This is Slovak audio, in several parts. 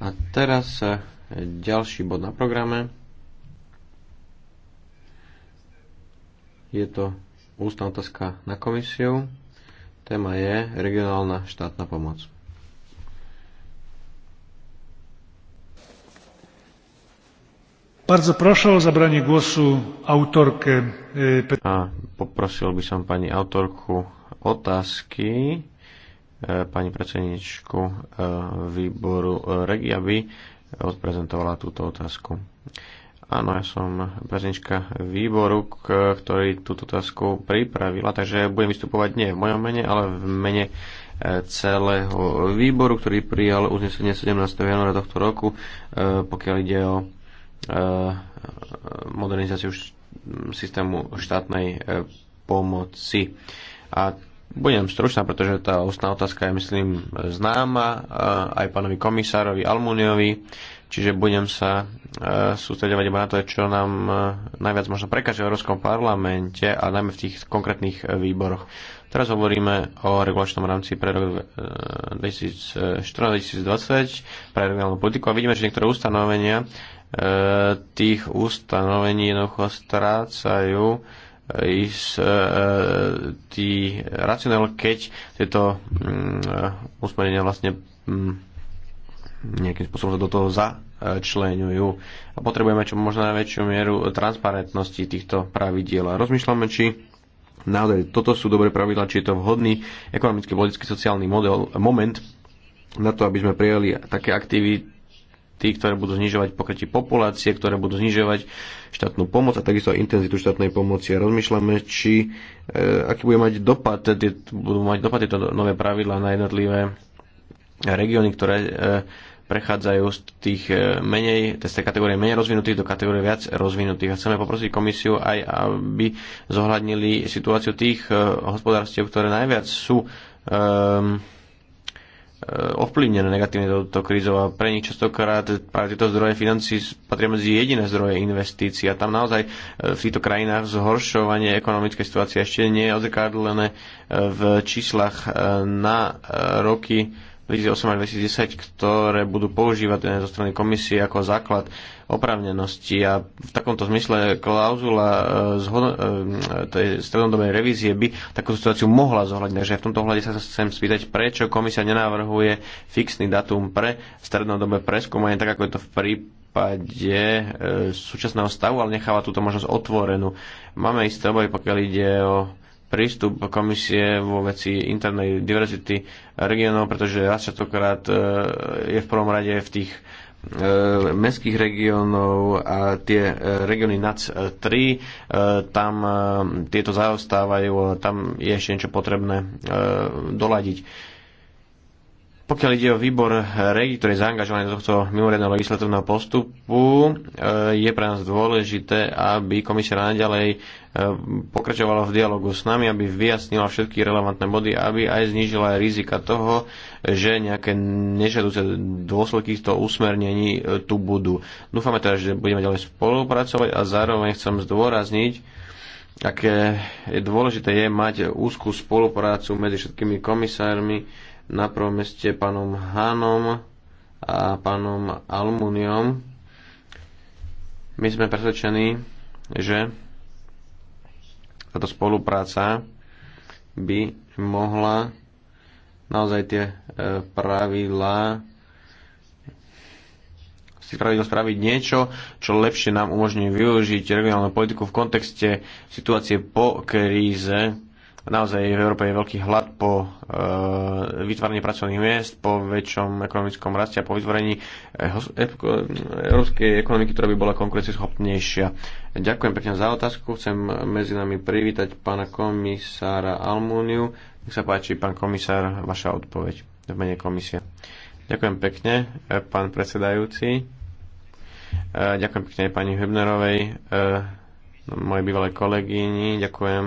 A teraz e, ďalší bod na programe. Je to ústna otázka na komisiu. Téma je regionálna štátna pomoc. Bardzo proszę o zabranie głosu autorkę. E, A poprosil by som pani autorku otázky. Eh, pani predsedničku eh, výboru eh, Regi, aby odprezentovala túto otázku. Áno, ja som predsednička výboru, ktorý túto otázku pripravila, takže budem vystupovať nie v mojom mene, ale v mene celého výboru, ktorý prijal uznesenie 17. januára tohto roku, pokiaľ ide o modernizáciu systému štátnej pomoci. A budem stručná, pretože tá ústná otázka je, myslím, známa e, aj pánovi komisárovi Almuniovi, čiže budem sa e, sústredovať iba na to, čo nám e, najviac možno prekáže v Európskom parlamente a najmä v tých konkrétnych výboroch. Teraz hovoríme o regulačnom rámci pre rok 2014-2020 pre regionálnu politiku a vidíme, že niektoré ustanovenia tých ustanovení jednoducho strácajú ísť e, tí racionál, keď tieto mm, usmerenia vlastne mm, nejakým spôsobom sa do toho začlenujú. A potrebujeme čo možno najväčšiu mieru transparentnosti týchto pravidiel. A rozmýšľame, či naozaj toto sú dobré pravidla, či je to vhodný ekonomický, politický, sociálny model, moment na to, aby sme prijali také aktivity, tí, ktoré budú znižovať pokrytie populácie, ktoré budú znižovať štátnu pomoc a takisto intenzitu štátnej pomoci. A rozmýšľame, či, e, aký bude mať dopad, budú mať dopad tieto nové pravidlá na jednotlivé regióny, ktoré e, prechádzajú z tých e, menej, z tej kategórie menej rozvinutých do kategórie viac rozvinutých. A chceme poprosiť komisiu aj, aby zohľadnili situáciu tých e, hospodárstiev, ktoré najviac sú um, Eh, ovplyvnené negatívne touto krízou a pre nich častokrát práve tieto zdroje financí patria medzi jediné zdroje investícií a tam naozaj eh, v týchto krajinách zhoršovanie ekonomickej situácie ešte nie je odzrkadlené eh, v číslach na roky 2008 až 2010, ktoré budú používať zo strany komisie ako základ oprávnenosti. A v takomto zmysle klauzula e, hod- e, tej strednodobej revízie by takú situáciu mohla zohľadniť. Takže v tomto hľade sa chcem spýtať, prečo komisia nenávrhuje fixný datum pre strednodobé preskúmanie, tak ako je to v prípade prípade súčasného stavu, ale necháva túto možnosť otvorenú. Máme isté obavy, pokiaľ ide o prístup komisie vo veci internej diverzity regiónov, pretože raz častokrát e, je v prvom rade v tých e, mestských regiónov a tie e, regióny NAC 3, tam tieto zaostávajú, tam je ešte niečo potrebné doladiť. Pokiaľ ide o výbor regi, ktorý je zaangažovaný do tohto mimoriadného legislatívneho postupu, je pre nás dôležité, aby komisia naďalej pokračovala v dialogu s nami, aby vyjasnila všetky relevantné body a aby aj znížila aj rizika toho, že nejaké nežiaduce dôsledky toho usmernení e, tu budú. Dúfame teda, že budeme ďalej spolupracovať a zároveň chcem zdôrazniť, aké je dôležité je mať úzkú spoluprácu medzi všetkými komisármi, na prvom meste pánom Hanom a pánom Almuniom. My sme presvedčení, že táto spolupráca by mohla naozaj tie e, pravidlá si pravidlo spraviť niečo, čo lepšie nám umožní využiť regionálnu politiku v kontexte situácie po kríze, naozaj v Európe je veľký hlad po e, eh, vytváraní pracovných miest, po väčšom ekonomickom raste a po vytvorení eh, európskej ekonomiky, ktorá by bola konkurencieschopnejšia. Ďakujem pekne za otázku. Chcem medzi nami privítať pána komisára Almúniu. Nech sa páči, pán komisár, vaša odpoveď v mene komisia. Ďakujem pekne, eh, pán predsedajúci. Ďakujem pekne pani Hübnerovej, mojej bývalej kolegyni. Ďakujem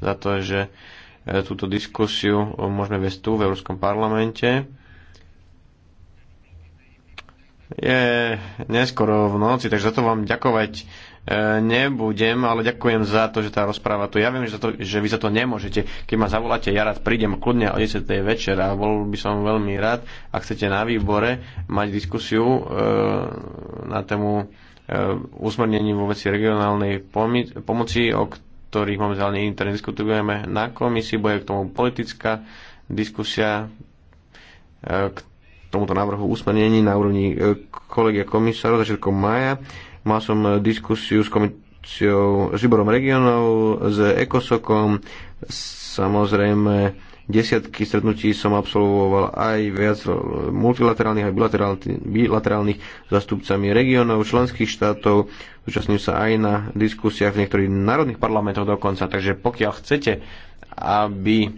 za to, že e, túto diskusiu môžeme viesť tu v Európskom parlamente. Je neskoro v noci, takže za to vám ďakovať e, nebudem, ale ďakujem za to, že tá rozpráva tu. Ja viem, že, za to, že vy za to nemôžete. Keď ma zavoláte, ja rád prídem kľudne o 10. večer a bol by som veľmi rád, ak chcete na výbore mať diskusiu e, na tému usmernení vo veci regionálnej pomoci, o ktorých momentálne interne diskutujeme na komisii, bude k tomu politická diskusia e, k tomuto návrhu usmernení na úrovni e, kolegia komisárov začiatkom maja. Mal som diskusiu s komisiou, s výborom regionov, s ECOSOKom, samozrejme desiatky stretnutí som absolvoval aj viac multilaterálnych, aj bilaterálnych, zastupcami regiónov, členských štátov, zúčastním sa aj na diskusiách v niektorých národných parlamentoch dokonca. Takže pokiaľ chcete, aby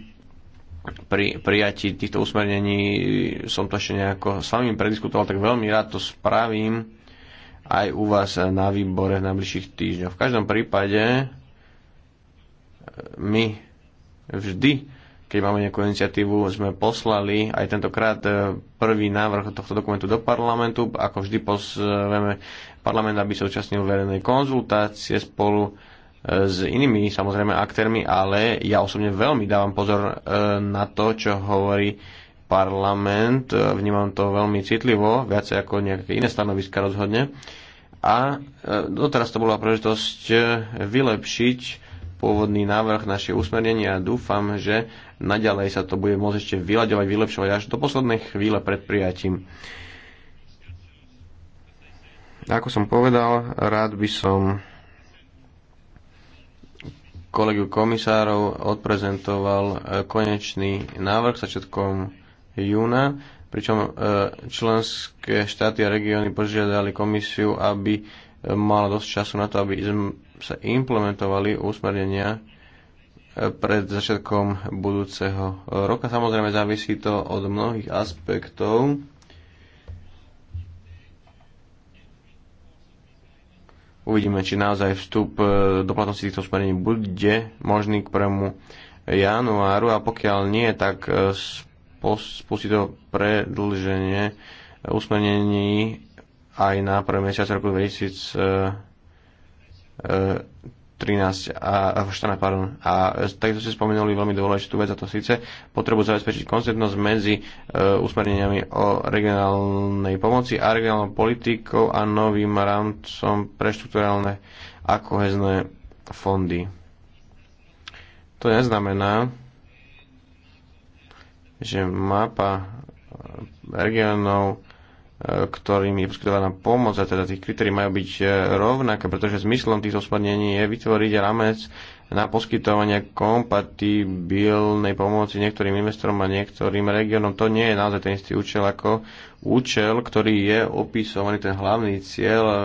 pri prijatí týchto usmernení som to ešte nejako s vami prediskutoval, tak veľmi rád to spravím aj u vás na výbore v najbližších týždňoch. V každom prípade eh, my vždy keď máme nejakú iniciatívu, sme poslali aj tentokrát e, prvý návrh tohto dokumentu do parlamentu. Ako vždy pozveme parlament, aby sa účastnil verejnej konzultácie spolu e, s inými samozrejme aktérmi, ale ja osobne veľmi dávam pozor e, na to, čo hovorí parlament. Vnímam to veľmi citlivo, viacej ako nejaké iné stanoviska rozhodne. A doteraz to bola príležitosť vylepšiť pôvodný návrh naše usmernenie a dúfam, že naďalej sa to bude môcť ešte vyľaďovať, vylepšovať až do poslednej chvíle pred prijatím. Ako som povedal, rád by som kolegu komisárov odprezentoval e, konečný návrh začiatkom júna, pričom e, členské štáty a regióny požiadali komisiu, aby e, mala dosť času na to, aby sa implementovali úsmernenia e, pred začiatkom budúceho roka. Samozrejme závisí to od mnohých aspektov. Uvidíme, či naozaj vstup e, do platnosti týchto usmernení bude možný k 1. januáru a pokiaľ nie, tak e, spustí to predlženie usmernení aj na 1. mesiac roku 2000 13 e, a 14, pardon. A takto ste spomenuli veľmi dôležitú vec, a to síce potrebu zabezpečiť konzistentnosť medzi e, usmerneniami o regionálnej pomoci a regionálnou politikou a novým rámcom pre štruktúrálne a kohezné fondy. To neznamená, že mapa regionov ktorým je poskytovaná pomoc a teda tých kritérií majú byť e, rovnaké, pretože zmyslom tých usmernení je vytvoriť ramec na poskytovanie kompatibilnej pomoci niektorým investorom a niektorým regiónom. To nie je naozaj ten istý účel ako účel, ktorý je opisovaný, ten hlavný cieľ e,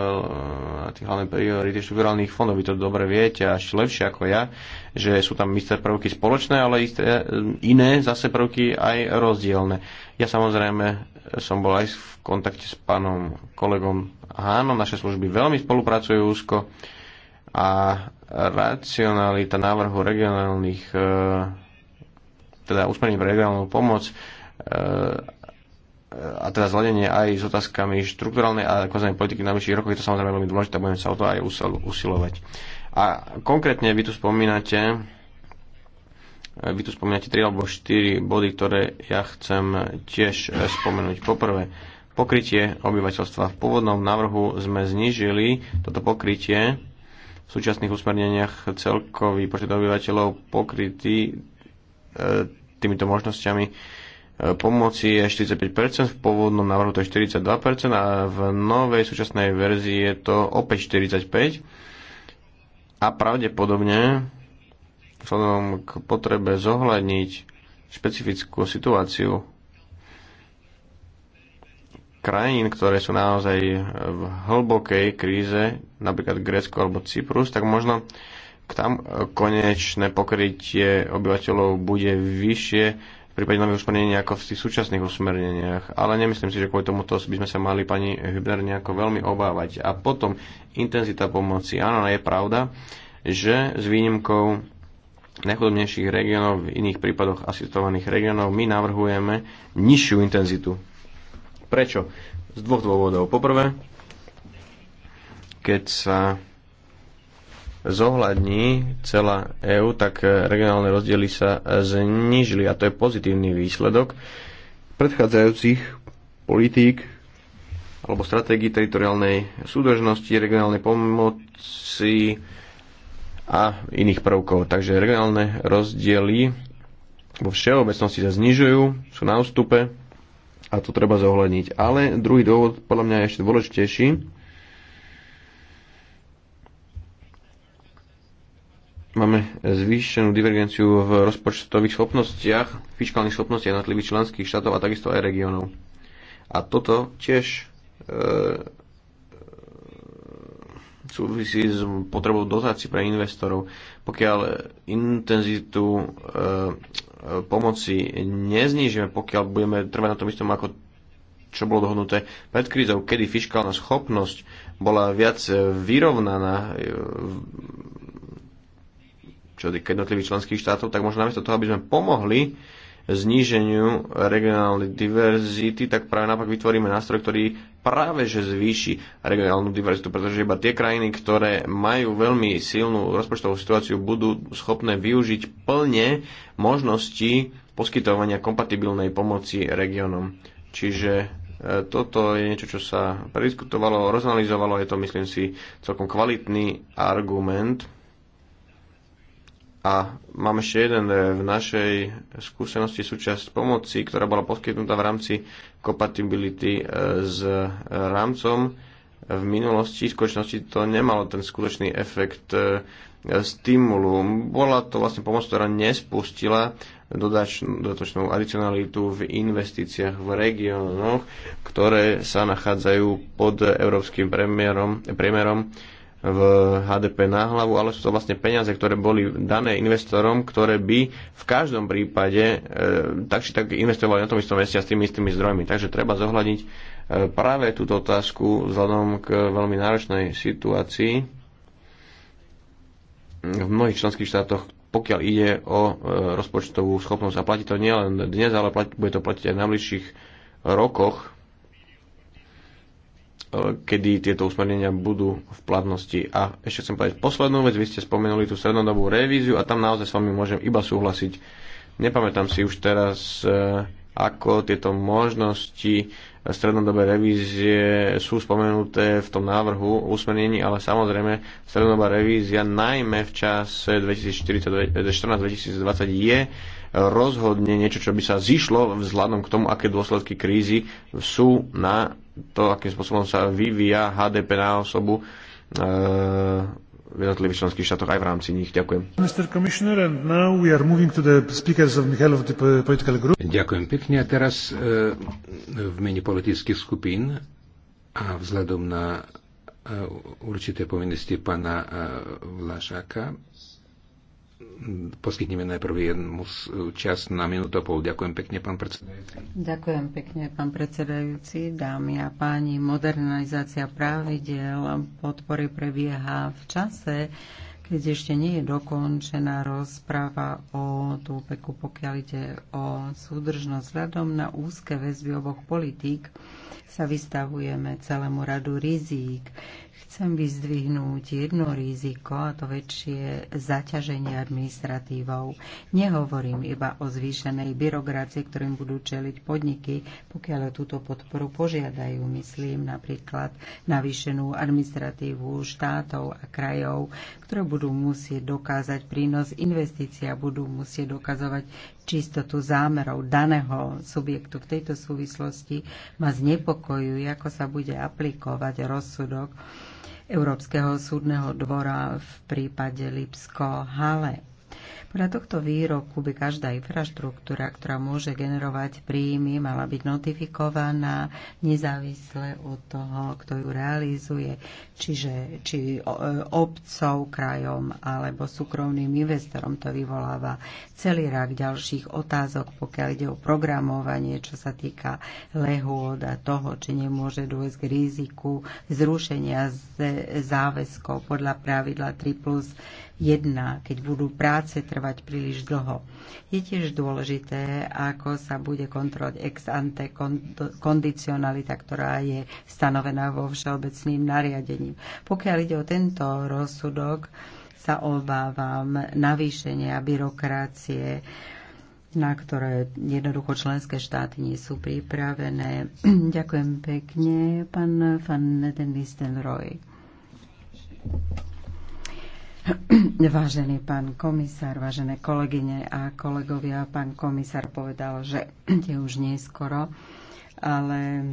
a tie hlavné priority štruktúrálnych fondov. Vy to dobre viete až lepšie ako ja, že sú tam isté prvky spoločné, ale isté, e, iné zase prvky aj rozdielne. Ja samozrejme som bol aj v kontakte s pánom kolegom Hánom. Naše služby veľmi spolupracujú úzko a racionalita návrhu regionálnych, e, teda usmerení pre regionálnu pomoc e, a teda zladenie aj s otázkami štruktúralnej a koznej politiky na vyšších rokoch, je to samozrejme veľmi dôležité, budeme sa o to aj usilovať. A konkrétne vy tu spomínate, vy tu spomínate 3 alebo 4 body, ktoré ja chcem tiež spomenúť. Poprvé, pokrytie obyvateľstva. V pôvodnom návrhu sme znížili toto pokrytie v súčasných usmerneniach celkový počet obyvateľov pokrytý e, týmito možnosťami e, pomoci je 45%, v pôvodnom návrhu to je 42% a v novej súčasnej verzii je to opäť 45% a pravdepodobne vzhľadom k potrebe zohľadniť špecifickú situáciu krajín, ktoré sú naozaj v hlbokej kríze, napríklad Grécko alebo Cyprus, tak možno tam e, konečné pokrytie obyvateľov bude vyššie v prípade nových usmernení ako v tých súčasných usmerneniach. Ale nemyslím si, že kvôli tomuto by sme sa mali pani Hübner nejako veľmi obávať. A potom intenzita pomoci. Áno, je pravda, že s výnimkou najchudobnejších regiónov, v iných prípadoch asistovaných regiónov, my navrhujeme nižšiu intenzitu Prečo? Z dvoch dôvodov. Poprvé, keď sa zohľadní celá EÚ, tak e, regionálne rozdiely sa e, znížili a to je pozitívny výsledok predchádzajúcich politík alebo stratégií teritoriálnej súdržnosti, regionálnej pomoci a iných prvkov. Takže regionálne rozdiely vo všeobecnosti sa znižujú, sú na ústupe a to treba zohľadniť. Ale druhý dôvod, podľa mňa je ešte dôležitejší, máme zvýšenú divergenciu v rozpočtových schopnostiach, fiskálnych schopnostiach jednotlivých členských štátov a takisto aj regiónov. A toto tiež e, e, súvisí s potrebou dotácií pre investorov. Pokiaľ intenzitu e, e, pomoci neznížime, pokiaľ budeme trvať na tom istom, ako čo bolo dohodnuté pred krízou, kedy fiskálna schopnosť bola viac vyrovnaná e, čo týka jednotlivých členských štátov, tak možno namiesto toho, aby sme pomohli zníženiu regionálnej diverzity, tak práve naopak vytvoríme nástroj, ktorý práve že zvýši regionálnu diverzitu, pretože iba tie krajiny, ktoré majú veľmi silnú rozpočtovú situáciu, budú schopné využiť plne možnosti poskytovania kompatibilnej pomoci regiónom. Čiže e, toto je niečo, čo sa prediskutovalo, rozanalizovalo, je to, myslím si, celkom kvalitný argument a mám ešte jeden e, v našej skúsenosti súčasť pomoci, ktorá bola poskytnutá v rámci compatibility e, s rámcom. V minulosti v skutočnosti to nemalo ten skutočný efekt e, stimulu. Bola to vlastne pomoc, ktorá nespustila dodatočnú adicionalitu v investíciách v regiónoch, ktoré sa nachádzajú pod európskym priemerom, priemerom v HDP na hlavu, ale sú to vlastne peniaze, ktoré boli dané investorom, ktoré by v každom prípade e, tak či tak investovali na tom istom meste s tými istými zdrojmi. Takže treba zohľadiť e, práve túto otázku vzhľadom k veľmi náročnej situácii v mnohých členských štátoch, pokiaľ ide o e, rozpočtovú schopnosť. A platí to nielen dnes, ale platí, bude to platiť aj v najbližších rokoch, kedy tieto usmernenia budú v platnosti. A ešte chcem povedať poslednú vec, vy ste spomenuli tú srednodobú revíziu a tam naozaj s vami môžem iba súhlasiť. Nepamätám si už teraz, e, ako tieto možnosti strednodobé revízie sú spomenuté v tom návrhu usmernení, ale samozrejme strednodobá revízia najmä v čase 2014-2020 je rozhodne niečo, čo by sa zišlo vzhľadom k tomu, aké dôsledky krízy sú na to, akým spôsobom sa vyvíja HDP na osobu e, v jednotlivých členských štátoch aj v rámci nich. Ďakujem. Ďakujem pekne. A teraz e, v mene politických skupín a vzhľadom na e, určité povinnosti pána Vlašáka poskytneme najprv jednu čas na minútu a pol. Ďakujem pekne, pán predsedajúci. Ďakujem pekne, pán predsedajúci. Dámy a páni, modernizácia pravidel podpory prebieha v čase, keď ešte nie je dokončená rozprava o túpeku, pokiaľ ide o súdržnosť. Vzhľadom na úzke väzby oboch politík sa vystavujeme celému radu rizík. Chcem vyzdvihnúť jedno riziko, a to väčšie zaťaženie administratívou. Nehovorím iba o zvýšenej byrokracie, ktorým budú čeliť podniky, pokiaľ o túto podporu požiadajú. Myslím napríklad navýšenú administratívu štátov a krajov, ktoré budú musieť dokázať prínos investícií a budú musieť dokazovať čistotu zámerov daného subjektu. V tejto súvislosti ma znepokojuje, ako sa bude aplikovať rozsudok Európskeho súdneho dvora v prípade Lipsko-Hale. Podľa tohto výroku by každá infraštruktúra, ktorá môže generovať príjmy, mala byť notifikovaná nezávisle od toho, kto ju realizuje, čiže či e, obcov, krajom alebo súkromným investorom. To vyvoláva celý rak ďalších otázok, pokiaľ ide o programovanie, čo sa týka lehôd a toho, či nemôže dôjsť k riziku zrušenia záväzkov podľa pravidla 3 plus 1, keď budú práce trvať príliš dlho. Je tiež dôležité, ako sa bude kontrolovať ex ante kondicionalita, ktorá je stanovená vo všeobecným nariadením. Pokiaľ ide o tento rozsudok, sa obávam navýšenia byrokracie, na ktoré jednoducho členské štáty nie sú pripravené. Ďakujem pekne, pán Van Denisten Roy. Vážený pán komisár, vážené kolegyne a kolegovia, pán komisár povedal, že je už neskoro, ale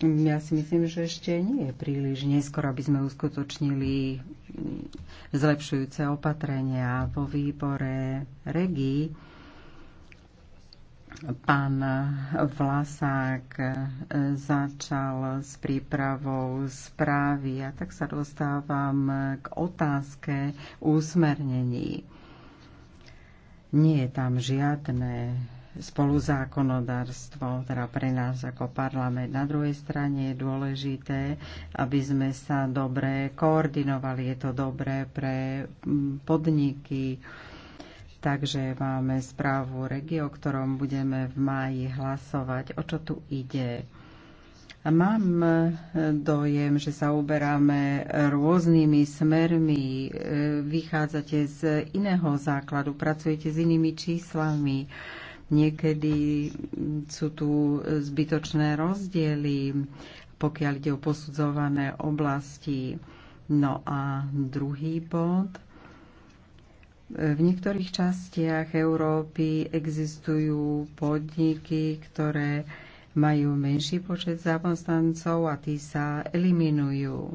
ja si myslím, že ešte nie je príliš neskoro, aby sme uskutočnili zlepšujúce opatrenia vo výbore regií. Pán Vlasák e, začal s prípravou správy a tak sa dostávam k otázke úsmernení. Nie je tam žiadne spoluzákonodárstvo, teda pre nás ako parlament. Na druhej strane je dôležité, aby sme sa dobre koordinovali. Je to dobré pre podniky, Takže máme správu regio, o ktorom budeme v máji hlasovať. O čo tu ide? Mám e, dojem, že sa uberáme rôznymi smermi, e, vychádzate z iného základu, pracujete s inými číslami. Niekedy sú tu zbytočné rozdiely, pokiaľ ide o posudzované oblasti. No a druhý bod – v niektorých častiach Európy existujú podniky, ktoré majú menší počet zamestnancov a tí sa eliminujú.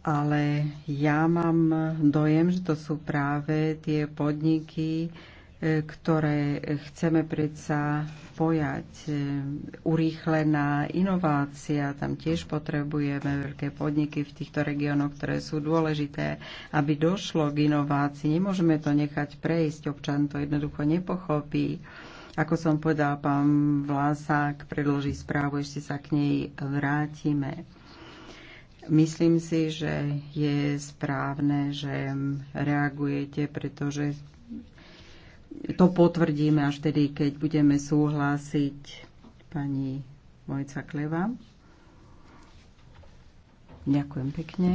Ale ja mám dojem, že to sú práve tie podniky, ktoré chceme predsa pojať. E, urýchlená inovácia, tam tiež potrebujeme veľké podniky v týchto regiónoch, ktoré sú dôležité, aby došlo k inovácii. Nemôžeme to nechať prejsť, občan to jednoducho nepochopí. Ako som povedal, pán Vlásák predloží správu, ešte sa k nej vrátime. Myslím si, že je správne, že reagujete, pretože to potvrdíme až tedy, keď budeme súhlasiť pani Mojca Kleva. Ďakujem pekne.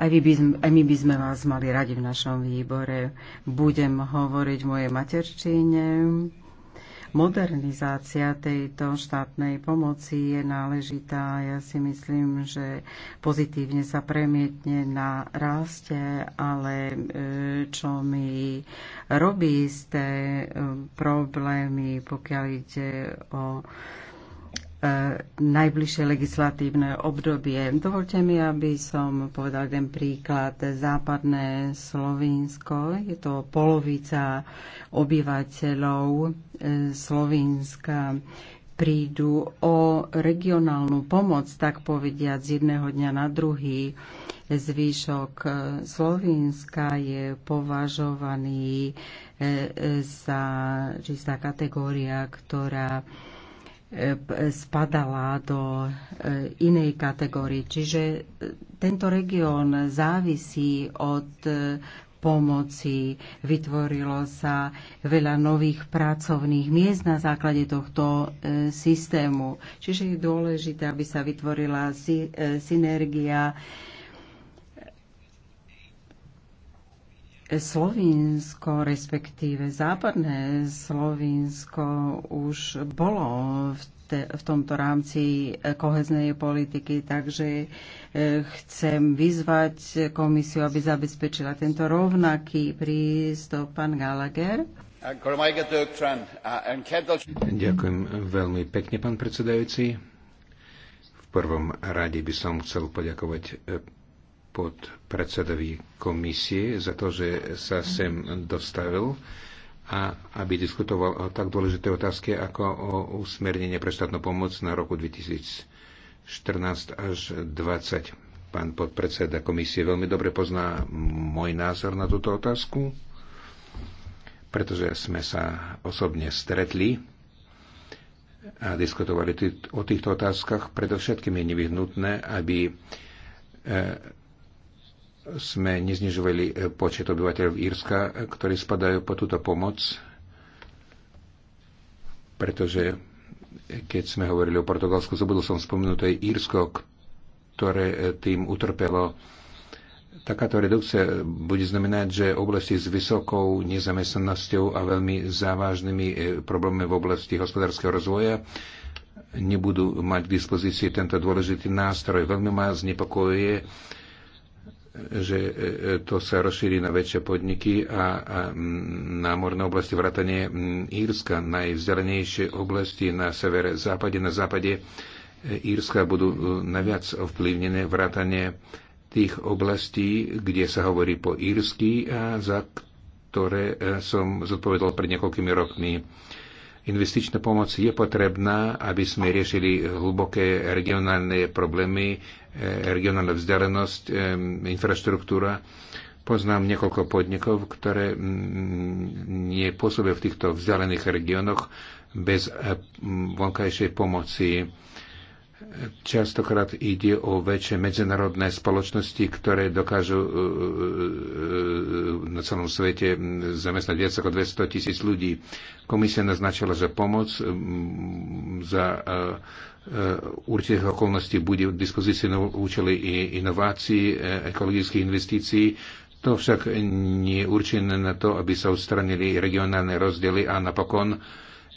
Aj, vy by sme, aj my by sme vás mali radi v našom výbore. Budem hovoriť v mojej materčine. Modernizácia tejto štátnej pomoci je náležitá. Ja si myslím, že pozitívne sa premietne na raste, ale e, čo mi robí té e, problémy, pokiaľ ide o E, najbližšie legislatívne obdobie. Dovolte mi, aby som povedal jeden príklad. Západné Slovinsko, je to polovica obyvateľov e, Slovinska, prídu o regionálnu pomoc, tak povediať, z jedného dňa na druhý. Zvýšok e, Slovinska je považovaný za čistá kategória, ktorá spadala do e, inej kategórie. Čiže e, tento región závisí od e, pomoci, vytvorilo sa veľa nových pracovných miest na základe tohto systému. Čiže je dôležité, aby sa vytvorila synergia Slovinsko, respektíve západné Slovinsko už bolo v, te, v tomto rámci koheznej politiky, takže e, chcem vyzvať komisiu, aby zabezpečila tento rovnaký prístup. Pán Gallagher. Ďakujem veľmi pekne, pán predsedajúci. V prvom rade by som chcel poďakovať e, podpredsedovi komisie za to, že sa sem dostavil a aby diskutoval o tak dôležité otázke ako o usmernenie pre štátnu pomoc na roku 2014 až 2020. Pán podpredseda komisie veľmi dobre pozná môj názor na túto otázku, pretože sme sa osobne stretli a diskutovali o týchto otázkach. Predovšetkým je nevyhnutné, aby eh, sme neznižovali eh, počet obyvateľov Írska, eh, ktorí spadajú po túto pomoc, pretože eh, keď sme hovorili o Portugalsku, zabudol som spomenuté Írsko, ktoré tým utrpelo. Takáto redukcia bude znamenať, že oblasti s vysokou nezamestnanosťou a veľmi závažnými problémami v oblasti hospodárskeho rozvoja nebudú mať k dispozícii tento dôležitý nástroj. Veľmi ma znepokojuje že e, e, to sa rozšíri na väčšie podniky a, a námorné oblasti vratanie Írska, najvzdelenejšie oblasti na severe západe, na západe e, Írska budú naviac ovplyvnené vratanie tých oblastí, kde sa hovorí po írsky a za ktoré som zodpovedal pred niekoľkými rokmi. Investičná pomoc je potrebná, aby sme riešili hlboké regionálne problémy, E, regionálna vzdialenosť, e, infraštruktúra. Poznám niekoľko podnikov, ktoré nie pôsobia v týchto vzdialených regiónoch bez e, vonkajšej pomoci Častokrát ide o väčšie medzinárodné spoločnosti, ktoré dokážu e, e, e, na celom svete zamestnať viac ako 200 tisíc ľudí. Komisia naznačila, že pomoc za určitých okolností bude v dispozícii na účely inovácií, ekologických investícií, to však nie je určené na to, aby sa odstranili regionálne rozdiely a napokon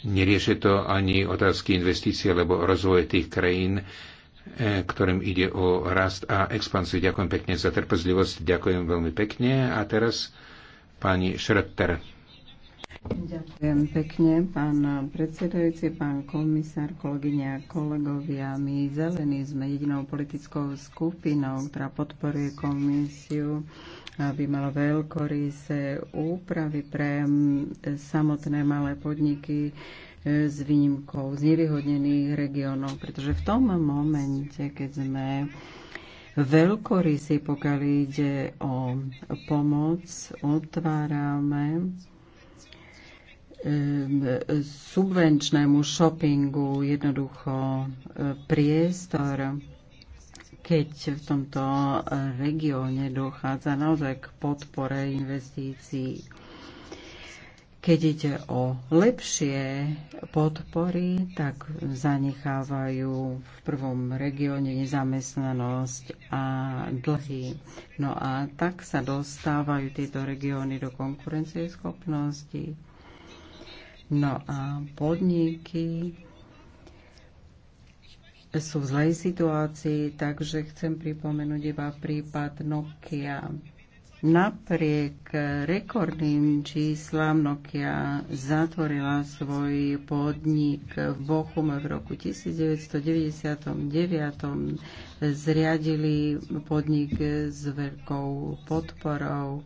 Nerieše to ani otázky investície alebo rozvoje tých krajín, e, ktorým ide o rast a expansiu. Ďakujem pekne za trpezlivosť, ďakujem veľmi pekne. A teraz pani Šrötter. Ďakujem pekne, pán predsedajúci, pán komisár, kolegyňa kolegovia. My zelení sme jedinou politickou skupinou, ktorá podporuje komisiu aby mal veľkoryse úpravy pre samotné malé podniky e, s výnimkou z nevyhodnených regiónov, pretože v tom momente, keď sme veľkorysí, pokiaľ ide o pomoc, otvárame e, subvenčnému shoppingu jednoducho e, priestor keď v tomto e, regióne dochádza naozaj k podpore investícií. Keď ide o lepšie podpory, tak zanechávajú v prvom regióne nezamestnanosť a dlhy. No a tak sa dostávajú tieto regióny do konkurencieschopnosti. No a podniky sú v zlej situácii, takže chcem pripomenúť iba prípad Nokia. Napriek rekordným číslam Nokia zatvorila svoj podnik v Bochume v roku 1999 zriadili podnik s veľkou podporou.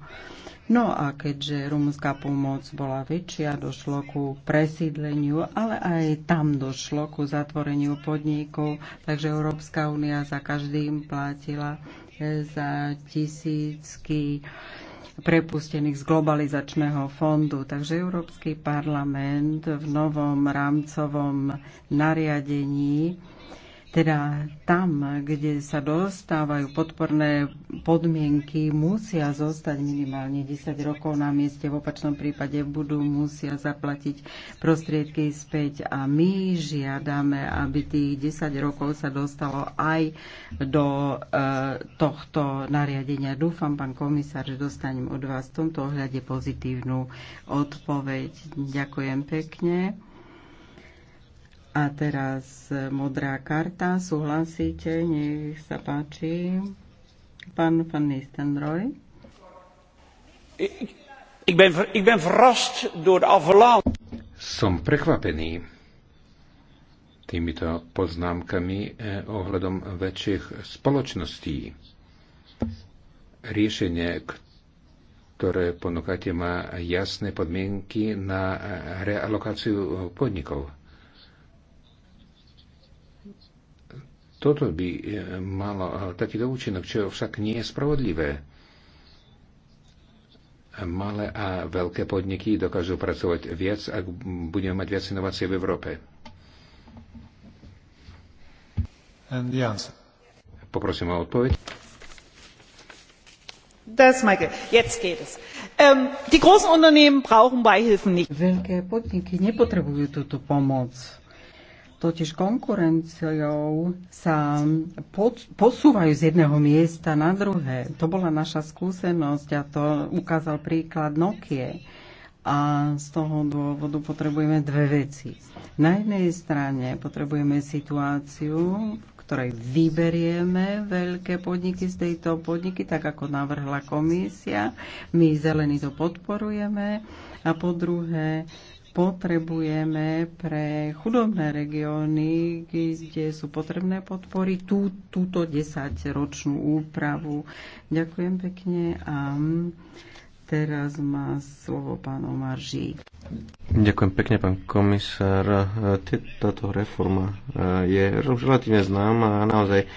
No a keďže rumúnska pomoc bola väčšia, došlo ku presídleniu, ale aj tam došlo ku zatvoreniu podnikov, takže Európska únia za každým platila e, za tisícky prepustených z globalizačného fondu. Takže Európsky parlament v novom rámcovom nariadení teda tam, kde sa dostávajú podporné podmienky, musia zostať minimálne 10 rokov na mieste. V opačnom prípade budú musia zaplatiť prostriedky späť. A my žiadame, aby tých 10 rokov sa dostalo aj do e, tohto nariadenia. Dúfam, pán komisár, že dostanem od vás v tomto ohľade pozitívnu odpoveď. Ďakujem pekne. A teraz e, modrá karta. Súhlasíte? Nech sa páči. Pán Van Nistenroy. Ik ben, ik ben Som prekvapený týmito poznámkami e, ohľadom väčších spoločností. Riešenie, ktoré ponúkate, má jasné podmienky na e, realokáciu podnikov Toto by e, malo e, takýto účinok, čo však nie je spravodlivé. Malé a veľké podniky dokážu pracovať viac, ak budeme mať viac inovácie v Európe. And the answer. Poprosím o odpoveď. Das, Michael. Jetzt geht es. Ähm, die großen Unternehmen brauchen Beihilfen nicht. Veľké podniky nepotrebujú túto pomoc totiž konkurenciou sa pod, posúvajú z jedného miesta na druhé. To bola naša skúsenosť a to ukázal príklad Nokie. A z toho dôvodu potrebujeme dve veci. Na jednej strane potrebujeme situáciu, v ktorej vyberieme veľké podniky z tejto podniky, tak ako navrhla komisia. My zelení to podporujeme. A po druhé, potrebujeme pre chudobné regióny, kde sú potrebné podpory, tú, túto desaťročnú úpravu. Ďakujem pekne a teraz má slovo pán Omar Žík. Ďakujem pekne, pán komisár. Táto reforma eh, je relatívne známa a naozaj eh,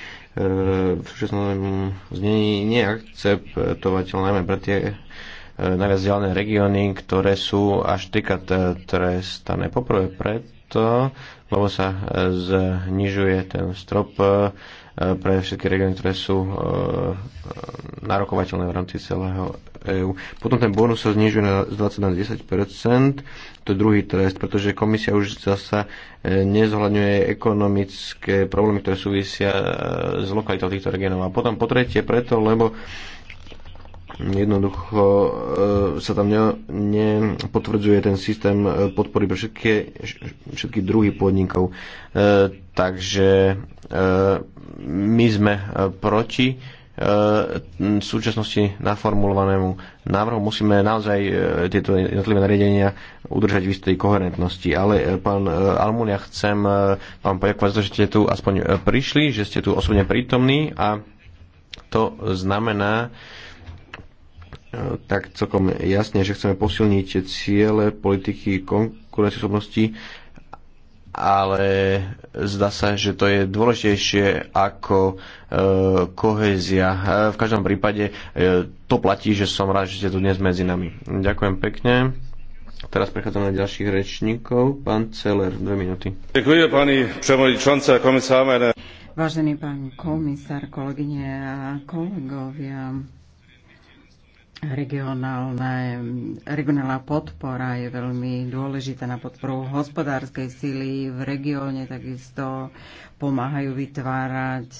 v súčasnom znení neakceptovateľná, najmä pre tie najviac vzdialené regióny, ktoré sú až trikrát e, trestané. Poprvé preto, lebo sa e, znižuje ten strop e, pre všetky regióny, ktoré sú narokovateľné v rámci celého EÚ. Potom ten bonus sa znižuje na, 20 na 10 to je druhý trest, pretože komisia už zasa nezohľadňuje ekonomické problémy, ktoré súvisia s lokalitou týchto regiónov. A potom po tretie preto, lebo Jednoducho e, sa tam nepotvrdzuje ten systém e, podpory pre všetky, všetky druhy podnikov. E, takže my sme proti v súčasnosti naformulovanému návrhu musíme naozaj tieto jednotlivé nariadenia udržať v istej koherentnosti. Ale pán Almunia, chcem vám poďakovať za to, že ste tu aspoň prišli, že ste tu osobne prítomní a to znamená, tak celkom jasne, že chceme posilniť ciele politiky konkurencieschopnosti, ale zdá sa, že to je dôležitejšie ako e, kohézia. E, v každom prípade e, to platí, že som rád, že ste tu dnes medzi nami. Ďakujem pekne. Teraz prechádzame na ďalších rečníkov. Pán Celer, dve minúty. Ďakujem, pani prevodničanca, komisár. Vážený pán komisár, kolegyne a kolegovia, Regionálne, regionálna podpora je veľmi dôležitá na podporu hospodárskej síly v regióne, takisto pomáhajú vytvárať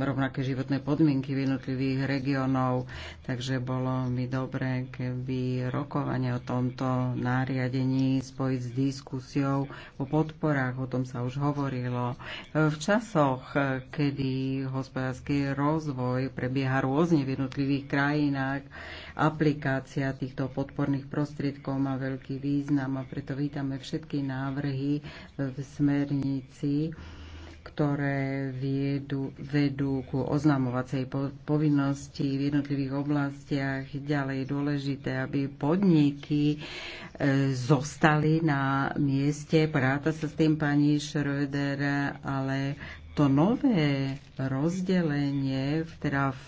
rovnaké životné podmienky v jednotlivých regiónov. Takže bolo mi dobré, keby rokovanie o tomto nariadení spojiť s diskusiou o podporách, o tom sa už hovorilo. V časoch, kedy hospodársky rozvoj prebieha rôzne v jednotlivých krajinách, aplikácia týchto podporných prostriedkov má veľký význam a preto vítame všetky návrhy v smernici ktoré viedu, vedú ku oznamovacej povinnosti v jednotlivých oblastiach. Ďalej je dôležité, aby podniky e, zostali na mieste. Práta sa s tým pani Schröder, ale to nové rozdelenie, teda v, e,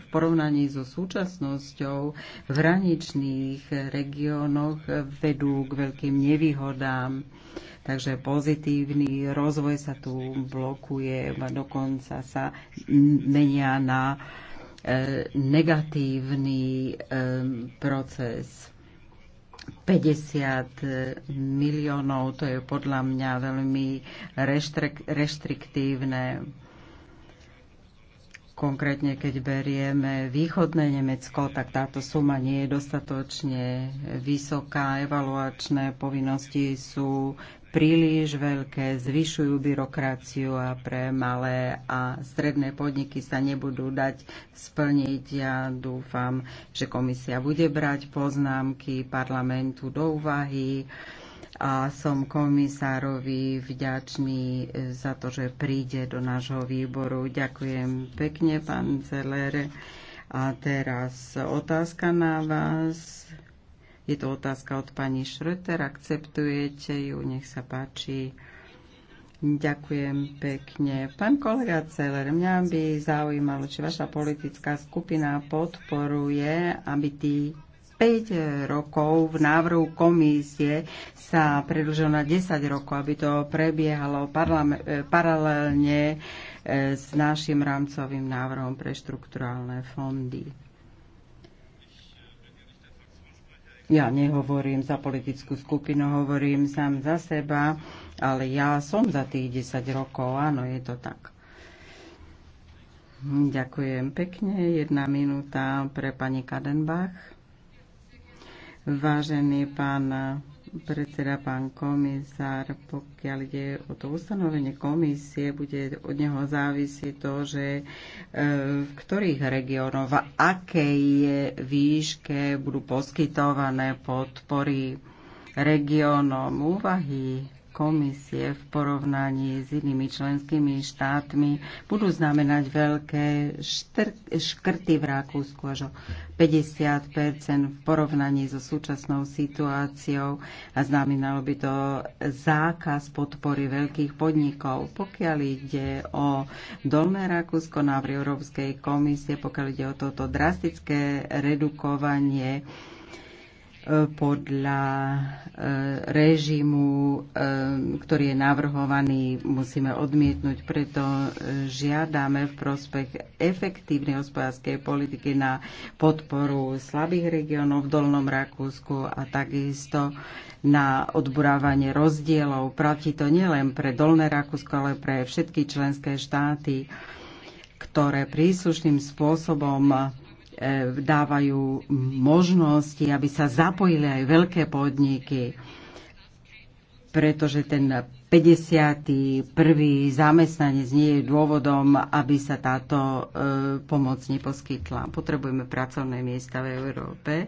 v porovnaní so súčasnosťou v hraničných regiónoch vedú k veľkým nevýhodám. Takže pozitívny rozvoj sa tu blokuje, dokonca sa menia na e, negatívny e, proces. 50 e, miliónov, to je podľa mňa veľmi reštriktívne. Konkrétne, keď berieme východné Nemecko, tak táto suma nie je dostatočne vysoká. Evaluačné povinnosti sú príliš veľké, zvyšujú byrokraciu a pre malé a stredné podniky sa nebudú dať splniť. Ja dúfam, že komisia bude brať poznámky parlamentu do úvahy a som komisárovi vďačný za to, že príde do nášho výboru. Ďakujem pekne, pán Celere. A teraz otázka na vás. Je to otázka od pani Šröter, akceptujete ju, nech sa páči. Ďakujem pekne. Pán kolega Celer, mňa by zaujímalo, či vaša politická skupina podporuje, aby tí 5 rokov v návrhu komisie sa predlžilo na 10 rokov, aby to prebiehalo paralelne eh, s našim rámcovým návrhom pre štrukturálne fondy. Ja nehovorím za politickú skupinu, hovorím sám za seba, ale ja som za tých 10 rokov, áno, je to tak. Ďakujem pekne. Jedna minúta pre pani Kadenbach. Vážený pán predseda pán komisár, pokiaľ ide o to ustanovenie komisie, bude od neho závisieť to, že e, v ktorých regiónoch, v akej je výške budú poskytované podpory regiónom úvahy komisie v porovnaní s inými členskými štátmi budú znamenať veľké škrty v Rakúsku až o 50 v porovnaní so súčasnou situáciou a znamenalo by to zákaz podpory veľkých podnikov. Pokiaľ ide o Dolné Rakúsko, návrh Európskej komisie, pokiaľ ide o toto drastické redukovanie, podľa eh, režimu, eh, ktorý je navrhovaný, musíme odmietnúť. Preto eh, žiadame v prospech efektívnej hospodárskej politiky na podporu slabých regiónov v Dolnom Rakúsku a takisto na odburávanie rozdielov. Platí to nielen pre Dolné Rakúsko, ale pre všetky členské štáty, ktoré príslušným spôsobom Eh, dávajú možnosti, aby sa zapojili aj veľké podniky, pretože ten 51. zamestnanec nie je dôvodom, aby sa táto eh, pomoc neposkytla. Potrebujeme pracovné miesta v Európe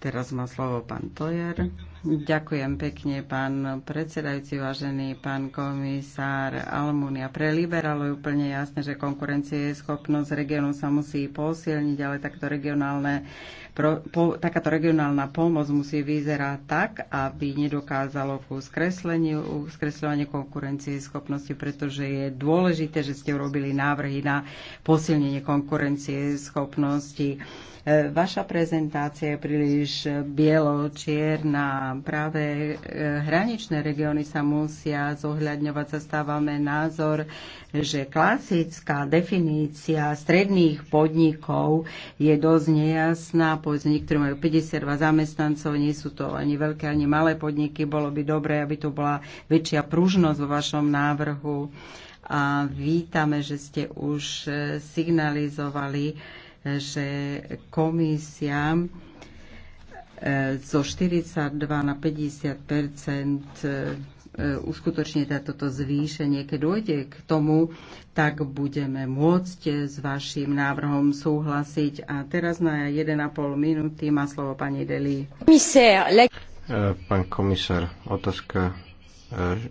Teraz má slovo pán Tojer. Ďakujem pekne, pán predsedajúci, vážený pán komisár Almunia. Pre liberálov je úplne jasné, že konkurencie je schopnosť regionu sa musí posilniť, ale takto regionálne, pro, po, takáto regionálna pomoc musí vyzerať tak, aby nedokázalo ku skresleniu, skresľovaniu konkurencie schopnosti, pretože je dôležité, že ste urobili návrhy na posilnenie konkurencie schopnosti E, vaša prezentácia je príliš bielo-čierna. Práve e, hraničné regióny sa musia zohľadňovať. Zastávame názor, že klasická definícia stredných podnikov je dosť nejasná. Podnik, niektorí majú 52 zamestnancov, nie sú to ani veľké, ani malé podniky. Bolo by dobré, aby tu bola väčšia pružnosť vo vašom návrhu a vítame, že ste už e, signalizovali že komisia e, zo 42 na 50 e, uskutočne toto zvýšenie. Keď dôjde k tomu, tak budeme môcť s vašim návrhom súhlasiť. A teraz na 1,5 minúty má slovo pani Deli. E, pán komisár, otázka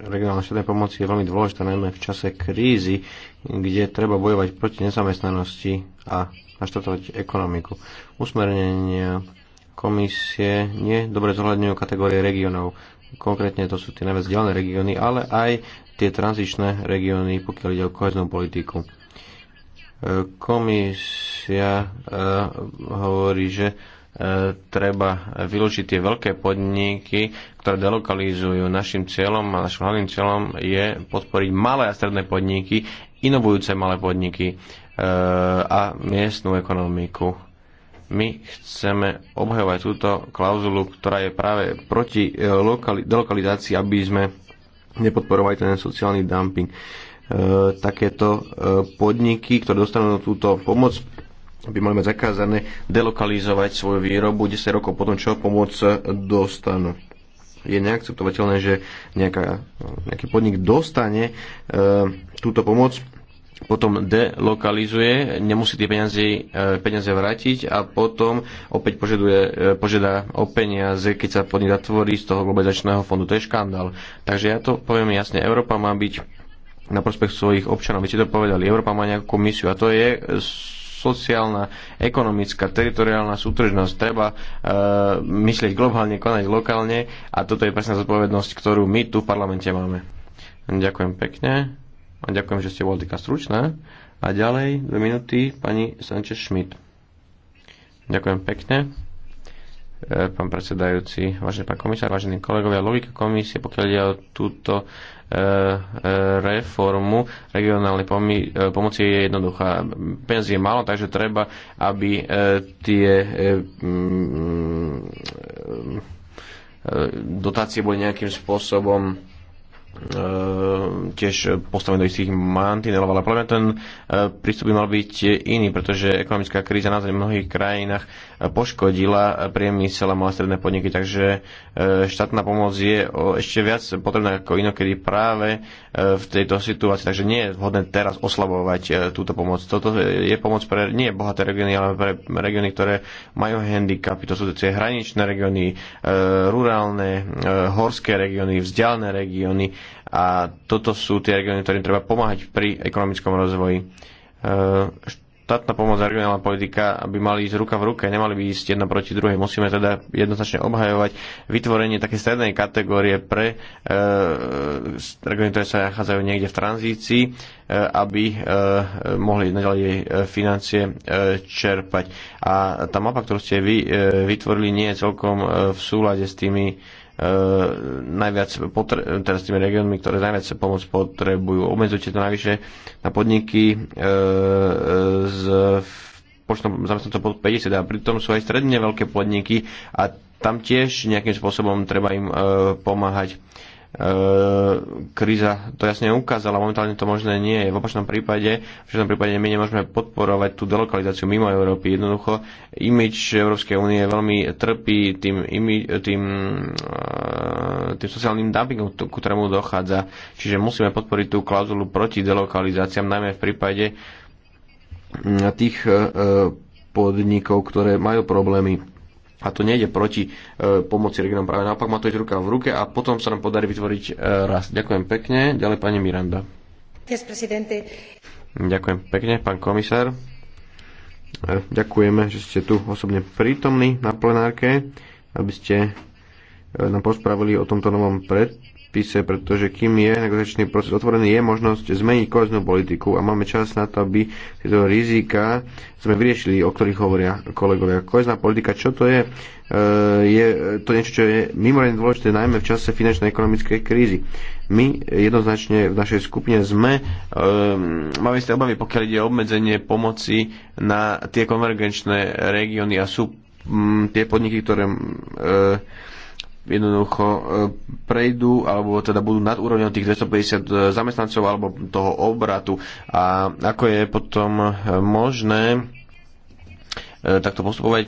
regionálnej štátnej pomoci je veľmi dôležitá, najmä v čase krízy, kde treba bojovať proti nezamestnanosti a naštartovať ekonomiku. Usmernenia komisie nie dobre zohľadňujú kategórie regiónov. Konkrétne to sú tie najviac vzdialené regióny, ale aj tie tranzičné regióny, pokiaľ ide o koheznú politiku. E, komisia e, hovorí, že e, treba vylúčiť tie veľké podniky, ktoré delokalizujú. Našim cieľom a našim hlavným cieľom je podporiť malé a stredné podniky, inovujúce malé podniky, E, a miestnú ekonomiku. My chceme obhajovať túto klauzulu, ktorá je práve proti e, delokalizácii, aby sme nepodporovali ten sociálny dumping. E, takéto podniky, ktoré dostanú túto pomoc, by mali mať zakázané delokalizovať svoju výrobu 10 rokov potom, čo pomoc dostanú je neakceptovateľné, že nejaká, nejaký podnik dostane e, túto pomoc potom delokalizuje, nemusí tie peniaze, e, peniaze vrátiť a potom opäť požaduje, e, požiada o peniaze, keď sa podnik zatvorí z toho globalizačného fondu. To je škandál. Takže ja to poviem jasne, Európa má byť na prospech svojich občanov. Vy ste to povedali, Európa má nejakú misiu a to je sociálna, ekonomická, teritoriálna sútržnosť. Treba uh, myslieť globálne, konať lokálne a toto je presná zodpovednosť, ktorú my tu v parlamente máme. Ďakujem pekne a ďakujem, že ste boli taká stručná. A ďalej dve minúty pani Sanchez Schmidt. Ďakujem pekne. E, pán predsedajúci, vážený pán komisár, vážení kolegovia, logika komisie, pokiaľ ide o túto e, e, reformu regionálnej pomi- pomoci je jednoduchá. Penzie je málo, takže treba, aby tie mm, dotácie boli nejakým spôsobom E, tiež postavený do istých mantinelov, ale podľa ten e, prístup by mal byť iný, pretože ekonomická kríza naozaj v mnohých krajinách e, poškodila priemysel a malé stredné podniky, takže štátna pomoc je ešte viac potrebná ako inokedy práve v tejto situácii, takže nie je vhodné teraz oslabovať túto pomoc. Toto je pomoc pre nie bohaté regióny, ale pre regióny, ktoré majú handicapy, to sú tie hraničné regióny, rurálne, horské regióny, vzdialené regióny, a toto sú tie regióny, ktorým treba pomáhať pri ekonomickom rozvoji. E, štátna pomoc a regionálna politika by mali ísť ruka v ruke, nemali by ísť jedna proti druhej. Musíme teda jednoznačne obhajovať vytvorenie také strednej kategórie pre e, regióny, ktoré sa nachádzajú niekde v tranzícii, e, aby e, mohli naďalej e, financie e, čerpať. A tá mapa, ktorú ste vy e, vytvorili, nie je celkom e, v súlade s tými Eh, najviac potre- teraz s tými regiónmi, ktoré najviac pomoc potrebujú. Obmedzujte to najvyššie na podniky e, eh, s eh, počtom zamestnancov pod 50 a pritom sú aj stredne veľké podniky a tam tiež nejakým spôsobom treba im e, pomáhať kríza to jasne ukázala, momentálne to možné nie je. V opačnom prípade, v žiadnom prípade my nemôžeme podporovať tú delokalizáciu mimo Európy. Jednoducho, imič Európskej únie veľmi trpí tým, imi, tým, tým sociálnym dumpingom, ku ktorému dochádza. Čiže musíme podporiť tú klauzulu proti delokalizáciám, najmä v prípade mm, tých podnikov, ktoré majú problémy a to nejde proti e, pomoci regionom, práve naopak má to ísť ruka v ruke a potom sa nám podarí vytvoriť e, rast. Ďakujem pekne. Ďalej pani Miranda. Yes, Ďakujem pekne, pán komisár. E, ďakujeme, že ste tu osobne prítomní na plenárke, aby ste e, nám pospravili o tomto novom pred, spise, pretože kým je negociačný proces otvorený, je možnosť zmeniť koheznú politiku a máme čas na to, aby tieto rizika sme vyriešili, o ktorých hovoria kolegovia. Koezná politika, čo to je? E, je to niečo, čo je mimoriadne dôležité, najmä v čase finančnej ekonomickej krízy. My jednoznačne v našej skupine sme, e, máme isté obavy, pokiaľ ide o obmedzenie pomoci na tie konvergenčné regióny a sú tie podniky, ktoré e, jednoducho e, prejdú alebo teda budú nad úrovňou tých 250 e, zamestnancov alebo toho obratu. A ako je potom e, možné takto postupovať,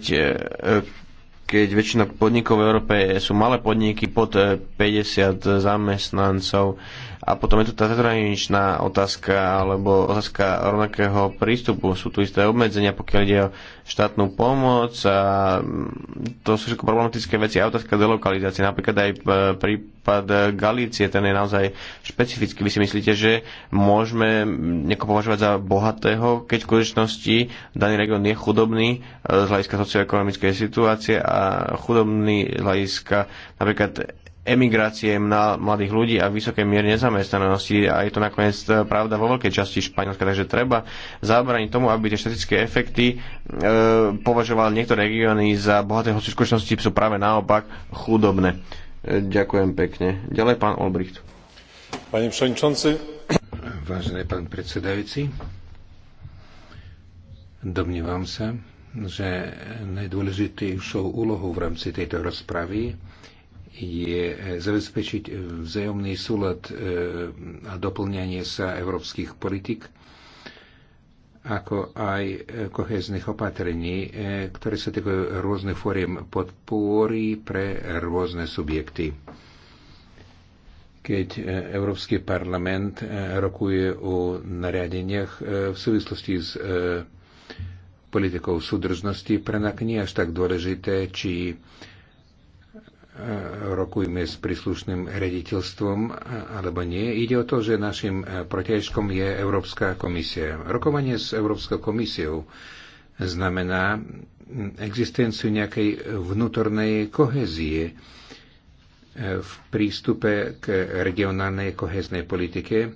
keď väčšina podnikov v Európe sú malé podniky pod 50 zamestnancov. A potom je tu tá zahraničná otázka alebo otázka rovnakého prístupu. Sú tu isté obmedzenia, pokiaľ ide o štátnu pomoc a mm, to sú všetko problematické veci. A otázka delokalizácie, napríklad aj e, prípad Galície, ten je naozaj špecifický. Vy si myslíte, že môžeme mm, nejako považovať za bohatého, keď v skutočnosti daný region je chudobný e, z hľadiska socioekonomickej situácie a chudobný z hľadiska napríklad emigrácie mladých ľudí a vysokej miery nezamestnanosti a je to nakoniec e, pravda vo veľkej časti Španielska, takže treba zabrániť tomu, aby tie štatické efekty e, považovali niektoré regióny za bohaté, hoci v skutočnosti sú práve naopak chudobné. E, ďakujem pekne. Ďalej pán Olbricht. Pani przewodniczący. Vážený pán predsedajúci, domnívam sa, že najdôležitejšou úlohou v rámci tejto rozpravy je eh, zabezpečiť eh, vzájomný súlad eh, a doplňanie sa európskych politik, ako aj kohezných opatrení, ktoré sa týkajú rôznych fóriem podpory pre rôzne subjekty. Keď Európsky parlament rokuje o nariadeniach v súvislosti s politikou súdržnosti, pre nás nie až tak dôležité, či rokujme s príslušným rediteľstvom alebo nie. Ide o to, že našim protiažkom je Európska komisia. Rokovanie s Európskou komisiou znamená existenciu nejakej vnútornej kohezie v prístupe k regionálnej koheznej politike e,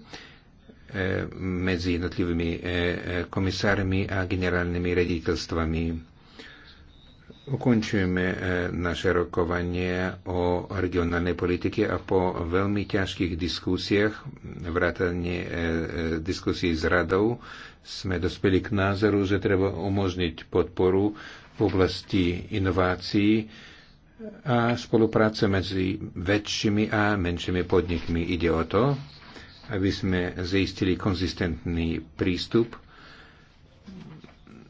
medzi jednotlivými e, e, komisármi a generálnymi rediteľstvami Ukončujeme e, naše rokovanie o regionálnej politike a po veľmi ťažkých diskusiách, vrátane e, e, diskusí s radou, sme dospeli k názoru, že treba umožniť podporu v oblasti inovácií a spolupráce medzi väčšími a menšími podnikmi. Ide o to, aby sme zaistili konzistentný prístup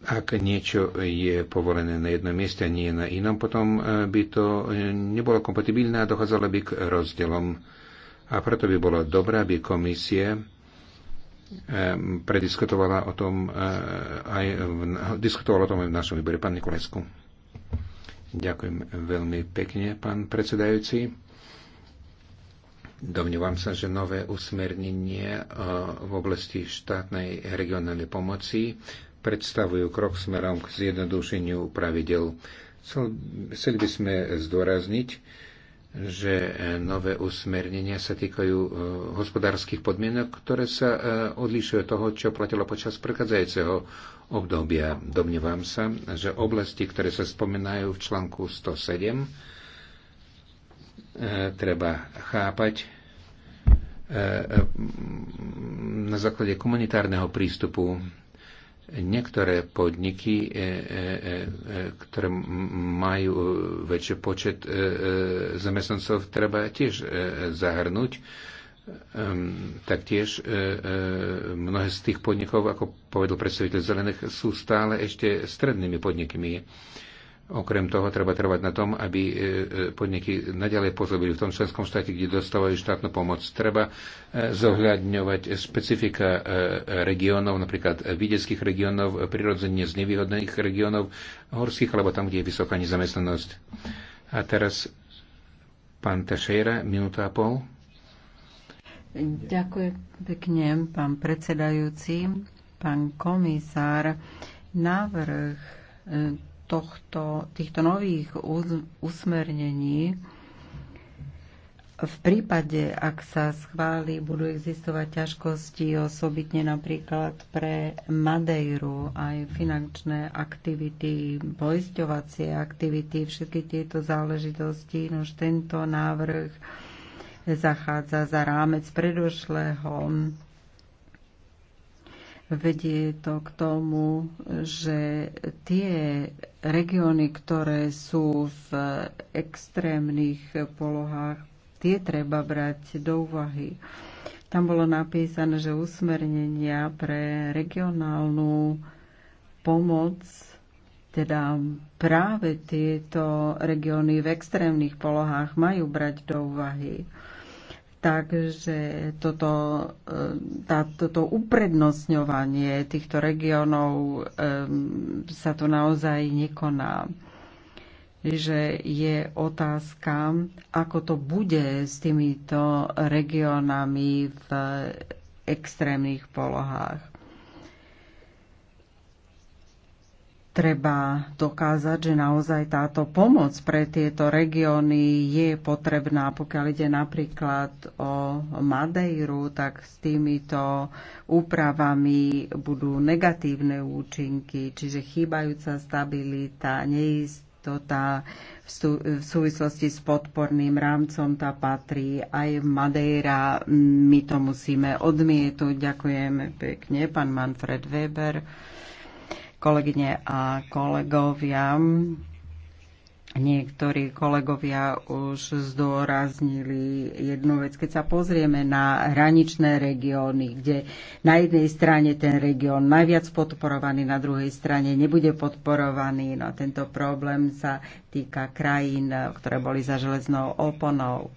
ak niečo je povolené na jednom mieste a nie na inom, potom e, by to e, nebolo kompatibilné a dochádzalo by k rozdielom. A preto by bolo dobré, aby komisie e, prediskutovala o tom aj v, diskutovala o tom aj v našom výbore. Pán Nikolesku. Ďakujem veľmi pekne, pán predsedajúci. Domnievam sa, že nové usmernenie v oblasti štátnej regionálnej pomoci predstavujú krok smerom k zjednodušeniu pravidel. Chceli by sme zdôrazniť, že e, nové usmernenia sa týkajú e, hospodárskych podmienok, ktoré sa e, odlišujú od toho, čo platilo počas prechádzajúceho obdobia. Domnievam sa, že oblasti, ktoré sa spomínajú v článku 107, treba chápať na základe komunitárneho prístupu niektoré podniky, e, e, e, ktoré majú väčší počet zamestnancov, treba tiež zahrnúť. Ehm, taktiež mnohé z tých podnikov, ako povedal predstaviteľ Zelených, sú stále ešte strednými podnikmi. Okrem toho treba trvať na tom, aby e, e, podniky nadalej pôsobili v tom členskom štáte, kde dostávajú štátnu pomoc. Treba e, zohľadňovať specifika regiónov, napríklad regionov, regiónov, prirodzene znevýhodných regiónov, horských alebo tam, kde je vysoká nezamestnanosť. A teraz pán Tešera, minúta a pol. Ďakujem pekne, pán predsedajúci, pán komisár. Návrh tohto, týchto nových usmernení v prípade, ak sa schváli, budú existovať ťažkosti osobitne napríklad pre Madejru, aj finančné aktivity, poisťovacie aktivity, všetky tieto záležitosti. už tento návrh zachádza za rámec predošlého Vedie to k tomu, že tie regióny, ktoré sú v extrémnych polohách, tie treba brať do úvahy. Tam bolo napísané, že usmernenia pre regionálnu pomoc, teda práve tieto regióny v extrémnych polohách majú brať do úvahy. Takže toto, e, tá, toto uprednostňovanie týchto regiónov e, sa tu naozaj nekoná že je otázka, ako to bude s týmito regiónami v extrémnych polohách. treba dokázať, že naozaj táto pomoc pre tieto regióny je potrebná. Pokiaľ ide napríklad o Madejru, tak s týmito úpravami budú negatívne účinky, čiže chýbajúca stabilita, neistota v súvislosti s podporným rámcom tá patrí. Aj Madeira, my to musíme odmietuť. Ďakujeme pekne, pán Manfred Weber. Kolegyne a kolegovia, Niektorí kolegovia už zdôraznili jednu vec. Keď sa pozrieme na hraničné regióny, kde na jednej strane ten región najviac podporovaný, na druhej strane nebude podporovaný, no tento problém sa týka krajín, ktoré boli za železnou oponou.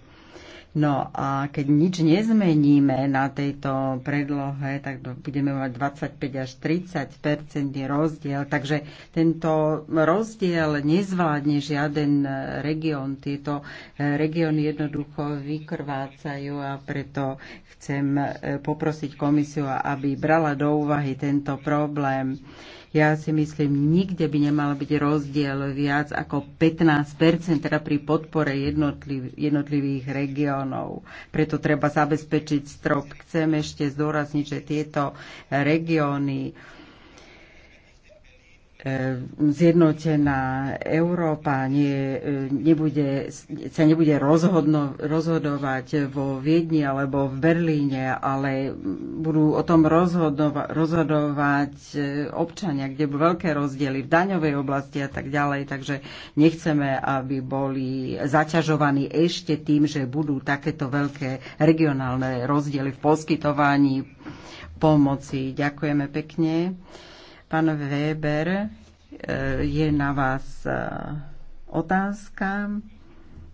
No a keď nič nezmeníme na tejto predlohe, tak budeme mať 25 až 30 rozdiel. Takže tento rozdiel nezvládne žiaden región. Tieto regióny jednoducho vykrvácajú a preto chcem e, poprosiť komisiu, aby brala do úvahy tento problém. Ja si myslím, nikde by nemal byť rozdiel viac ako 15%, teda pri podpore jednotliv, jednotlivých regiónov. Preto treba zabezpečiť strop. Chcem ešte zdôrazniť, že tieto regióny E, zjednotená Európa nie, e, nebude, sa nebude rozhodno, rozhodovať vo Viedni alebo v Berlíne, ale budú o tom rozhodova, rozhodovať e, občania, kde budú veľké rozdiely v daňovej oblasti a tak ďalej. Takže nechceme, aby boli zaťažovaní ešte tým, že budú takéto veľké regionálne rozdiely v poskytovaní pomoci. Ďakujeme pekne. Pán Weber, e, je na vás e, otázka?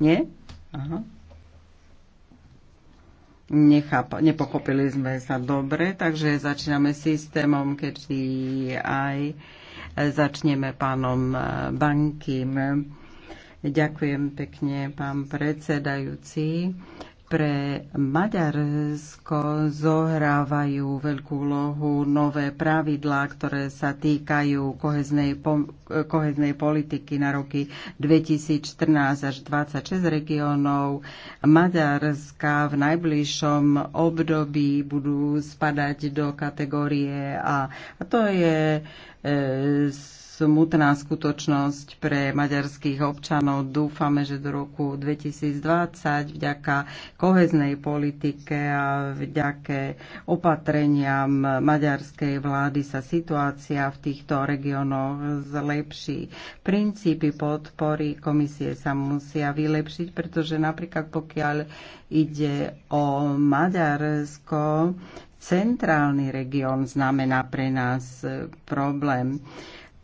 Nie? Aha. Nechápa, nepochopili sme sa dobre, takže začíname systémom, keď aj začneme pánom e, Bankým. Ďakujem pekne, pán predsedajúci. Pre Maďarsko zohrávajú veľkú úlohu nové pravidlá, ktoré sa týkajú koheznej, po, koheznej politiky na roky 2014 až 26 regiónov. Maďarska v najbližšom období budú spadať do kategórie A. A to je e, smutná skutočnosť pre maďarských občanov. Dúfame, že do roku 2020 vďaka koheznej politike a vďaka opatreniam maďarskej vlády sa situácia v týchto regiónoch zlepší. Princípy podpory komisie sa musia vylepšiť, pretože napríklad pokiaľ ide o Maďarsko, centrálny región znamená pre nás problém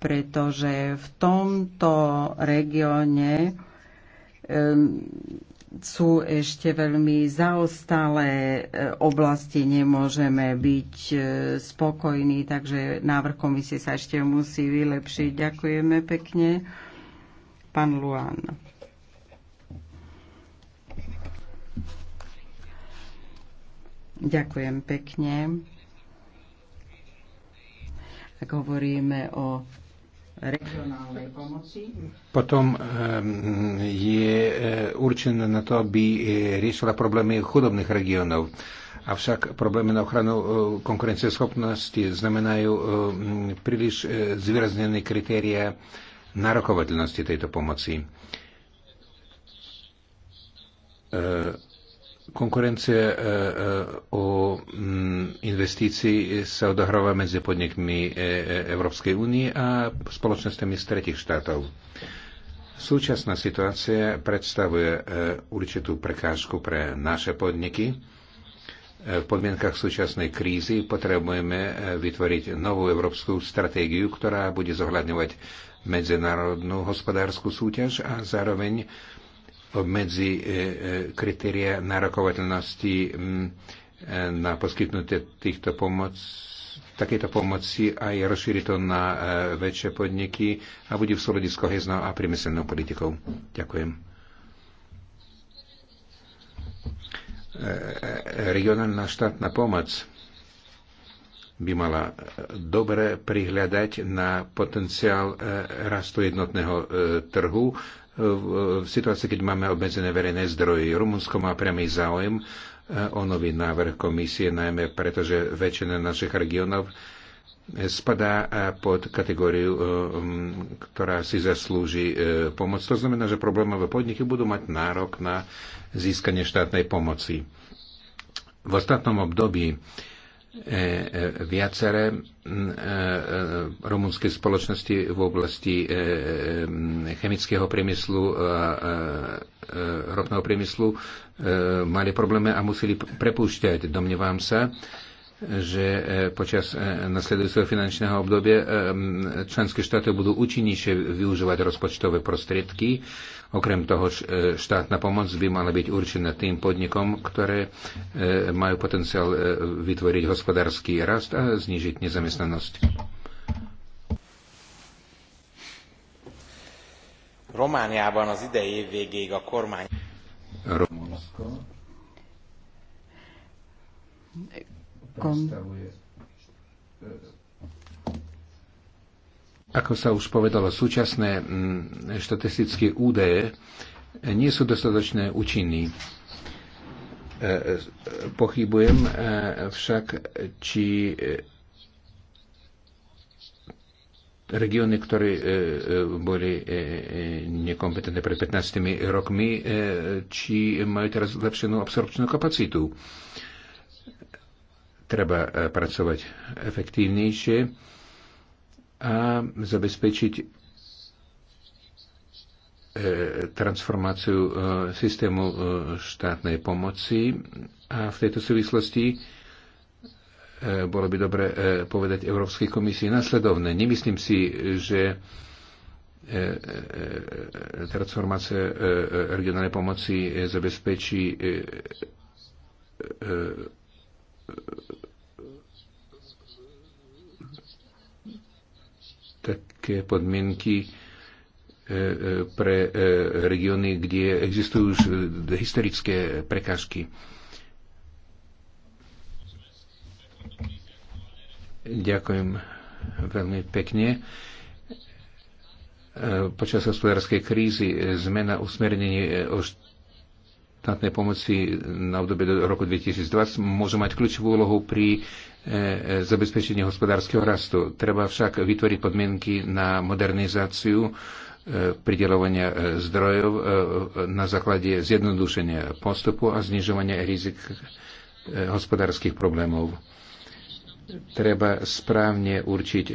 pretože v tomto regióne sú ešte veľmi zaostalé e, oblasti, nemôžeme byť e, spokojní, takže návrh komisie sa ešte musí vylepšiť. Ďakujeme pekne. Pán Luán. Ďakujem pekne. Ak hovoríme o regionálnej pomoci. Potom ehm, je eh, určená na to, aby eh, riešila problémy chudobných regiónov. Avšak problémy na ochranu eh, konkurencieschopnosti znamenajú ehm, príliš zvýraznené kritéria narokovateľnosti tejto pomoci Konkurencia e, e, o mm, investícii sa odohráva medzi podnikmi e, Európskej únie a spoločnosťami z tretich štátov. Súčasná situácia predstavuje určitú prekážku pre naše podniky. V podmienkach súčasnej krízy potrebujeme vytvoriť novú európsku stratégiu, ktorá bude zohľadňovať medzinárodnú hospodárskú súťaž a zároveň obmedzi e, e, kritéria nárokovateľnosti e, na poskytnutie týchto pomoc, takéto pomoci aj rozšíri to na väčšie podniky a bude v súlade s koheznou a priemyselnou politikou. Ďakujem. Regionálna štátna pomoc by mala dobre prihľadať na potenciál rastu jednotného trhu v situácii, keď máme obmedzené verejné zdroje. Rumunsko má priamy záujem e, o nový návrh komisie, najmä preto, že väčšina našich regionov spadá e, pod kategóriu, e, ktorá si zaslúži pomoc. To znamená, že problémové podniky budú mať nárok na získanie štátnej pomoci. V ostatnom období E, e, viaceré e, rumunské spoločnosti v oblasti chemického priemyslu a ropného priemyslu mali problémy a museli prepúšťať. Domnievam sa, že počas nasledujúceho finančného obdobia členské štáty budú účinnejšie využívať rozpočtové prostriedky Okrem toho, e, štátna pomoc by mala byť určená tým podnikom, ktoré e, majú potenciál e, vytvoriť hospodársky rast a znižiť nezamestnanosť. Romániában az idei év végéig a kormány... Romániában ako sa už povedalo, súčasné mm, štatistické údaje nie sú dostatočne účinní. E, e, pochybujem e, však, či regióny, ktoré boli nekompetentné pred 15 rokmi, či majú teraz zlepšenú absorpčnú kapacitu. Treba pracovať efektívnejšie a zabezpečiť e, transformáciu e, systému e, štátnej pomoci. A v tejto súvislosti bolo by dobre povedať Európskej komisii nasledovné. Nemyslím si, že transformácia regionálnej pomoci zabezpečí také podmienky e, e, pre e, regióny, kde existujú už historické prekážky. Ďakujem veľmi pekne. Počas hospodárskej krízy zmena usmernenie o štátnej pomoci na obdobie do roku 2020 môžu mať kľúčovú úlohu pri e, e, zabezpečení hospodárskeho rastu. Treba však vytvoriť podmienky na modernizáciu e, pridelovania zdrojov na základe zjednodušenia postupu a znižovania rizik hospodárskych problémov. Treba správne určiť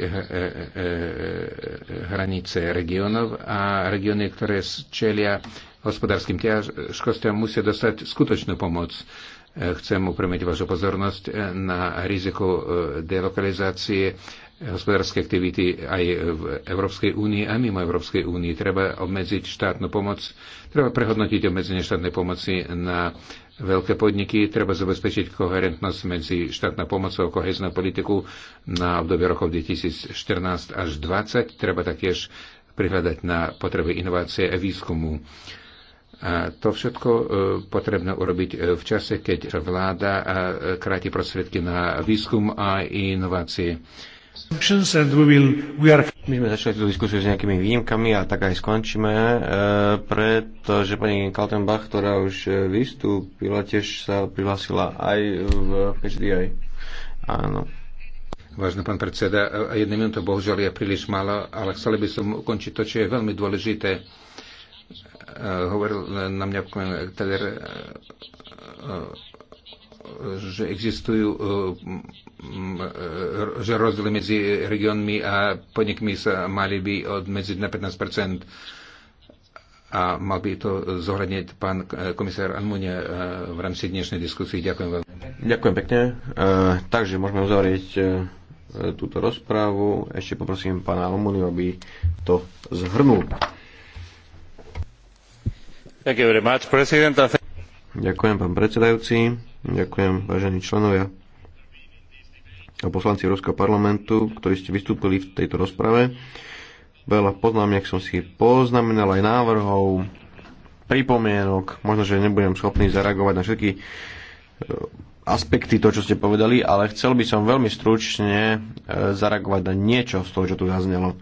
hranice regionov a regióny, ktoré čelia hospodárskym ťažkostiam musia dostať skutočnú pomoc. E, chcem upremiť vašu pozornosť e, na riziko e, delokalizácie hospodárskej aktivity aj v Európskej únii a mimo Európskej únii. Treba obmedziť štátnu pomoc, treba prehodnotiť obmedzenie štátnej pomoci na veľké podniky, treba zabezpečiť koherentnosť medzi štátnou pomocou a koheznou politiku na obdobie rokov 2014 až 2020. Treba taktiež prihľadať na potreby inovácie a výskumu a to všetko e, potrebné urobiť e, v čase, keď vláda e, kráti prostriedky na výskum a inovácie. My sme začali tú diskusiu s nejakými výnimkami a tak aj skončíme, pretože pani Kaltenbach, ktorá už vystúpila, tiež sa prihlásila aj v HDI. Áno. Vážený pán predseda, jedna minúta bohužiaľ je príliš málo, ale chceli by som ukončiť to, čo je veľmi dôležité Eh, hovoril eh, na mňa Teller, eh, že existujú že rozdiely medzi regiónmi a podnikmi sa mali by odmedziť na 15 a mal by to zohľadniť pán komisár Almunia v rámci dnešnej diskusie. Ďakujem veľmi. Ďakujem pekne. E, takže môžeme uzavrieť e, túto rozprávu. Ešte poprosím pána Almuniu, aby to zhrnul. Ďakujem, pán predsedajúci. Ďakujem, vážení členovia a poslanci Európskeho parlamentu, ktorí ste vystúpili v tejto rozprave. Veľa poznámiek som si poznamenal aj návrhov, pripomienok. Možno, že nebudem schopný zareagovať na všetky e, aspekty to, čo ste povedali, ale chcel by som veľmi stručne e, zareagovať na niečo z toho, čo tu zaznelo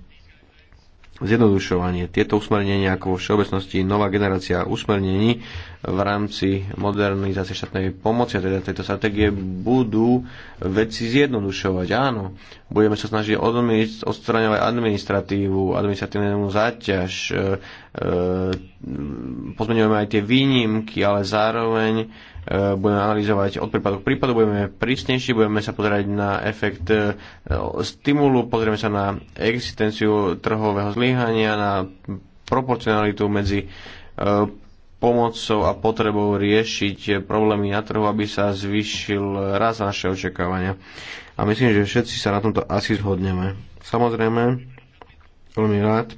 zjednodušovanie. Tieto usmernenia ako vo všeobecnosti nová generácia usmernení v rámci modernizácie štátnej pomoci a teda tejto stratégie budú veci zjednodušovať. Áno, budeme sa snažiť odstraňovať administratívu, administratívnu záťaž, e, e, pozmeňujeme aj tie výnimky, ale zároveň E, budeme analyzovať od prípadu k prípadu, budeme prísnejší, budeme sa pozerať na efekt e, stimulu, pozrieme sa na existenciu trhového zlyhania, na proporcionalitu medzi e, pomocou a potrebou riešiť problémy na trhu, aby sa zvýšil raz naše očakávania. A myslím, že všetci sa na tomto asi zhodneme. Samozrejme, veľmi rád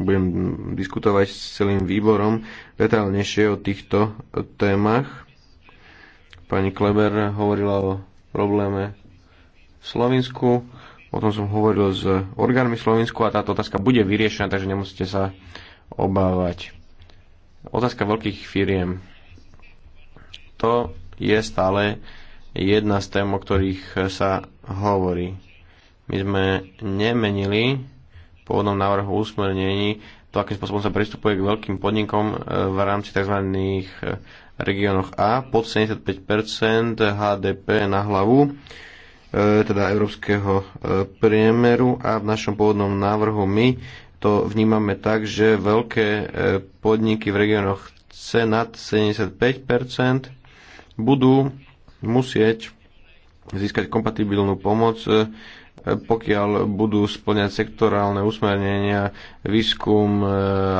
budem diskutovať s celým výborom detaľnejšie o týchto témach. Pani Kleber hovorila o probléme v Slovensku, o tom som hovoril s orgánmi Slovensku a táto otázka bude vyriešená, takže nemusíte sa obávať. Otázka veľkých firiem. To je stále jedna z tém, o ktorých sa hovorí. My sme nemenili pôvodnom návrhu usmernení, to, akým spôsobom sa pristupuje k veľkým podnikom e, v rámci tzv. E, regiónoch A pod 75 HDP na hlavu e, teda európskeho priemeru a v našom pôvodnom návrhu my to vnímame tak, že veľké podniky v regiónoch C nad 75 budú musieť získať kompatibilnú pomoc pokiaľ budú splňať sektorálne usmernenia, výskum e,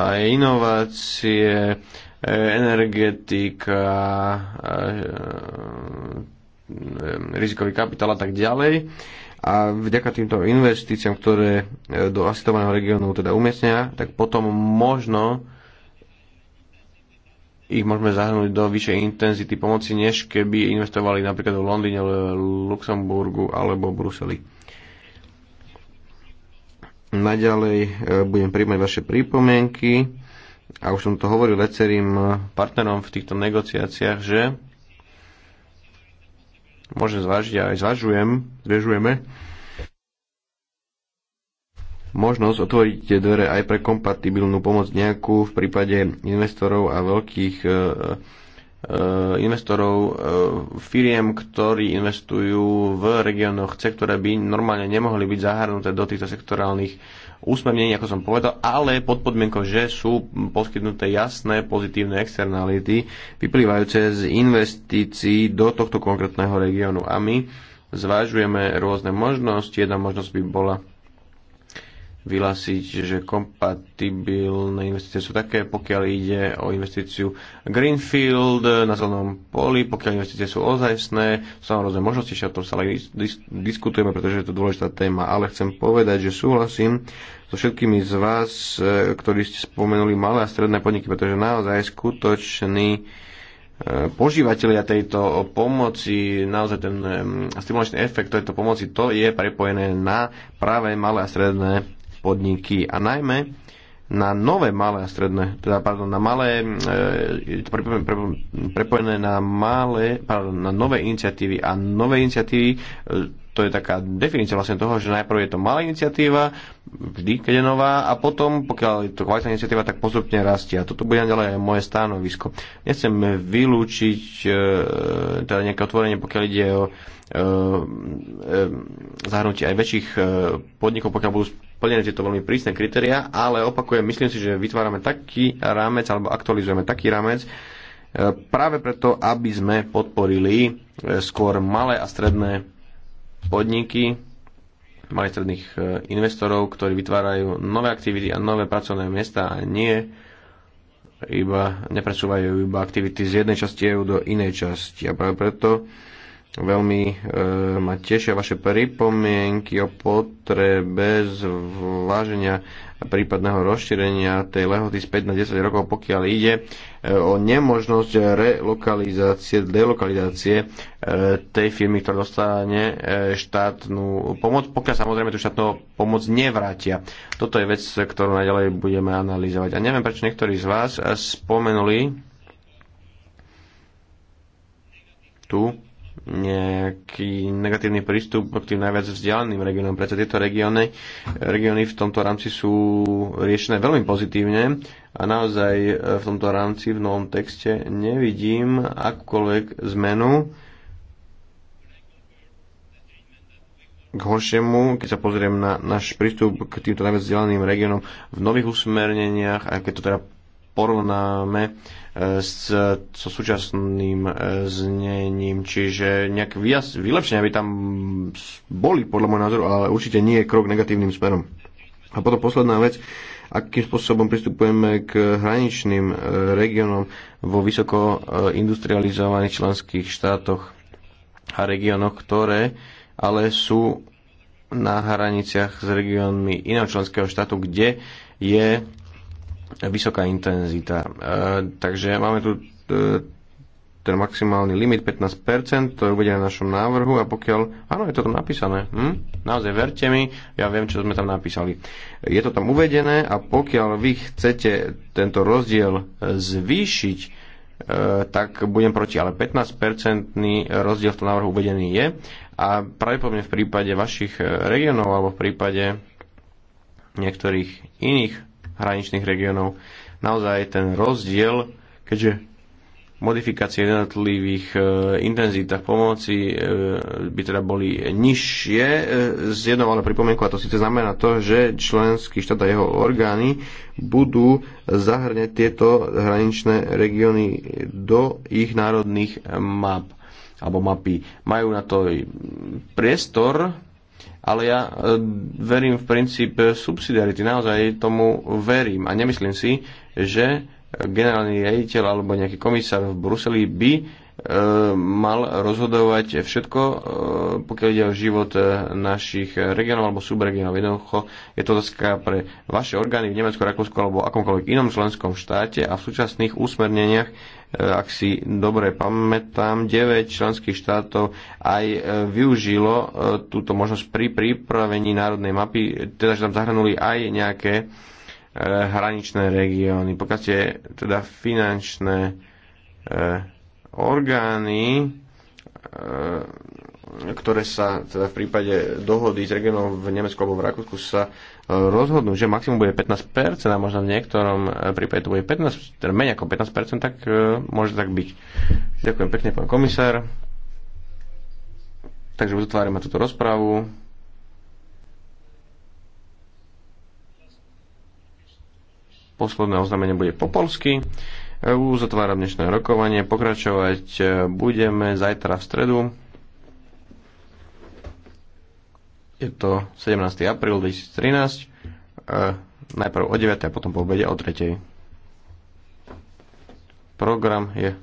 a inovácie, e, energetika, e, rizikový kapitál a tak ďalej. A vďaka týmto investíciám, ktoré do asistovaného regiónu teda umiestnia, tak potom možno ich môžeme zahrnúť do vyššej intenzity pomoci, než keby investovali napríklad v Londýne, Luxemburgu alebo Bruseli. Naďalej e, budem príjmať vaše prípomienky a už som to hovoril viacerým e, partnerom v týchto negociáciách, že môžem zvážiť a aj zvažujem, zvažujeme možnosť otvoriť tie dvere aj pre kompatibilnú pomoc nejakú v prípade investorov a veľkých e, Eh, investorov eh, firiem, ktorí investujú v regiónoch C, ktoré by normálne nemohli byť zahrnuté do týchto sektorálnych úsmernení, ako som povedal, ale pod podmienkou, že sú poskytnuté jasné pozitívne externality vyplývajúce z investícií do tohto konkrétneho regiónu. A my zvážujeme rôzne možnosti. Jedna možnosť by bola vyhlásiť, že kompatibilné investície sú také, pokiaľ ide o investíciu Greenfield na zelenom poli, pokiaľ investície sú ozajstné, sú tam rôzne možnosti, o tom stále dis- dis- diskutujeme, pretože je to dôležitá téma, ale chcem povedať, že súhlasím so všetkými z vás, e, ktorí ste spomenuli malé a stredné podniky, pretože naozaj skutočný e, požívateľia tejto pomoci, naozaj ten e, stimulačný efekt tejto pomoci, to je prepojené na práve malé a stredné podniky a najmä na nové malé a stredné, teda pardon, na malé, e, prepojené, prepojené na malé, pardon, na nové iniciatívy a nové iniciatívy, e, to je taká definícia vlastne toho, že najprv je to malá iniciatíva, vždy, keď je nová, a potom, pokiaľ je to kvalitná iniciatíva, tak postupne rastie. A toto bude ďalej aj moje stanovisko. Nechcem vylúčiť e, teda nejaké otvorenie, pokiaľ ide o e, e, zahrnutie aj väčších e, podnikov, pokiaľ budú plnené tieto veľmi prísne kritéria, ale opakujem, myslím si, že vytvárame taký rámec alebo aktualizujeme taký rámec, e, práve preto, aby sme podporili e, skôr malé a stredné podniky, malých stredných e, investorov, ktorí vytvárajú nové aktivity a nové pracovné miesta a nie iba, nepresúvajú iba aktivity z jednej časti EU do inej časti. A práve preto Veľmi e, ma tešia vaše pripomienky o potrebe zváženia prípadného rozšírenia tej lehoty späť na 10 rokov, pokiaľ ide e, o nemožnosť relokalizácie, delokalizácie e, tej firmy, ktorá dostane e, štátnu pomoc, pokiaľ samozrejme tú štátnu pomoc nevrátia. Toto je vec, ktorú najďalej budeme analyzovať. A neviem, prečo niektorí z vás spomenuli tu nejaký negatívny prístup k tým najviac vzdialeným regiónom. Preto tieto regióny, regióny v tomto rámci sú riešené veľmi pozitívne a naozaj e, v tomto rámci, v novom texte nevidím akúkoľvek zmenu k horšiemu, keď sa pozriem na náš prístup k týmto najviac vzdialeným regiónom v nových usmerneniach, aj keď to teda porovnáme e, s, so súčasným e, znením, čiže nejaké vylepšenia by tam boli, podľa môjho názoru, ale určite nie je krok negatívnym smerom. A potom posledná vec, akým spôsobom pristupujeme k hraničným e, regiónom vo vysoko industrializovaných členských štátoch a regiónoch, ktoré ale sú na hraniciach s regiónmi iného členského štátu, kde je vysoká intenzita. E, takže máme tu e, ten maximálny limit 15%, to je uvedené na našom návrhu a pokiaľ... Áno, je to tam napísané. Hm? Naozaj verte mi, ja viem, čo sme tam napísali. Je to tam uvedené a pokiaľ vy chcete tento rozdiel e, zvýšiť, tak budem proti, ale 15-percentný rozdiel v tom návrhu uvedený je a pravdepodobne v prípade vašich regionov alebo v prípade niektorých iných hraničných regiónov. Naozaj ten rozdiel, keďže modifikácie jednotlivých e, intenzítach pomoci e, by teda boli nižšie e, z jednou ale pripomienku a to síce znamená to, že členský štát a jeho orgány budú zahrňať tieto hraničné regióny do ich národných map alebo mapy. Majú na to priestor ale ja e, verím v princíp subsidiarity, naozaj tomu verím a nemyslím si, že generálny riaditeľ alebo nejaký komisár v Bruseli by e, mal rozhodovať všetko, e, pokiaľ ide o život našich regionov alebo subregionov. Jednoducho je to otázka pre vaše orgány v Nemecku, Rakúsku alebo akomkoľvek inom členskom štáte a v súčasných úsmerneniach ak si dobre pamätám, 9 členských štátov aj e, využilo e, túto možnosť pri pripravení národnej mapy, teda že tam zahrnuli aj nejaké e, hraničné regióny. Pokiaľ ste teda finančné orgány, ktoré sa teda v prípade dohody s regionom v Nemecku alebo v Rakúsku sa rozhodnú, že maximum bude 15% a možno v niektorom eh, prípade to bude 15, teda menej ako 15%, tak eh, môže tak byť. Ďakujem pekne, pán komisár. Takže uzatvárime túto rozprávu. Posledné oznámenie bude po polsky. Eh, uzatváram dnešné rokovanie. Pokračovať budeme zajtra v stredu. Je to 17. apríl 2013, e, najprv o 9. a potom po obede o 3. Program je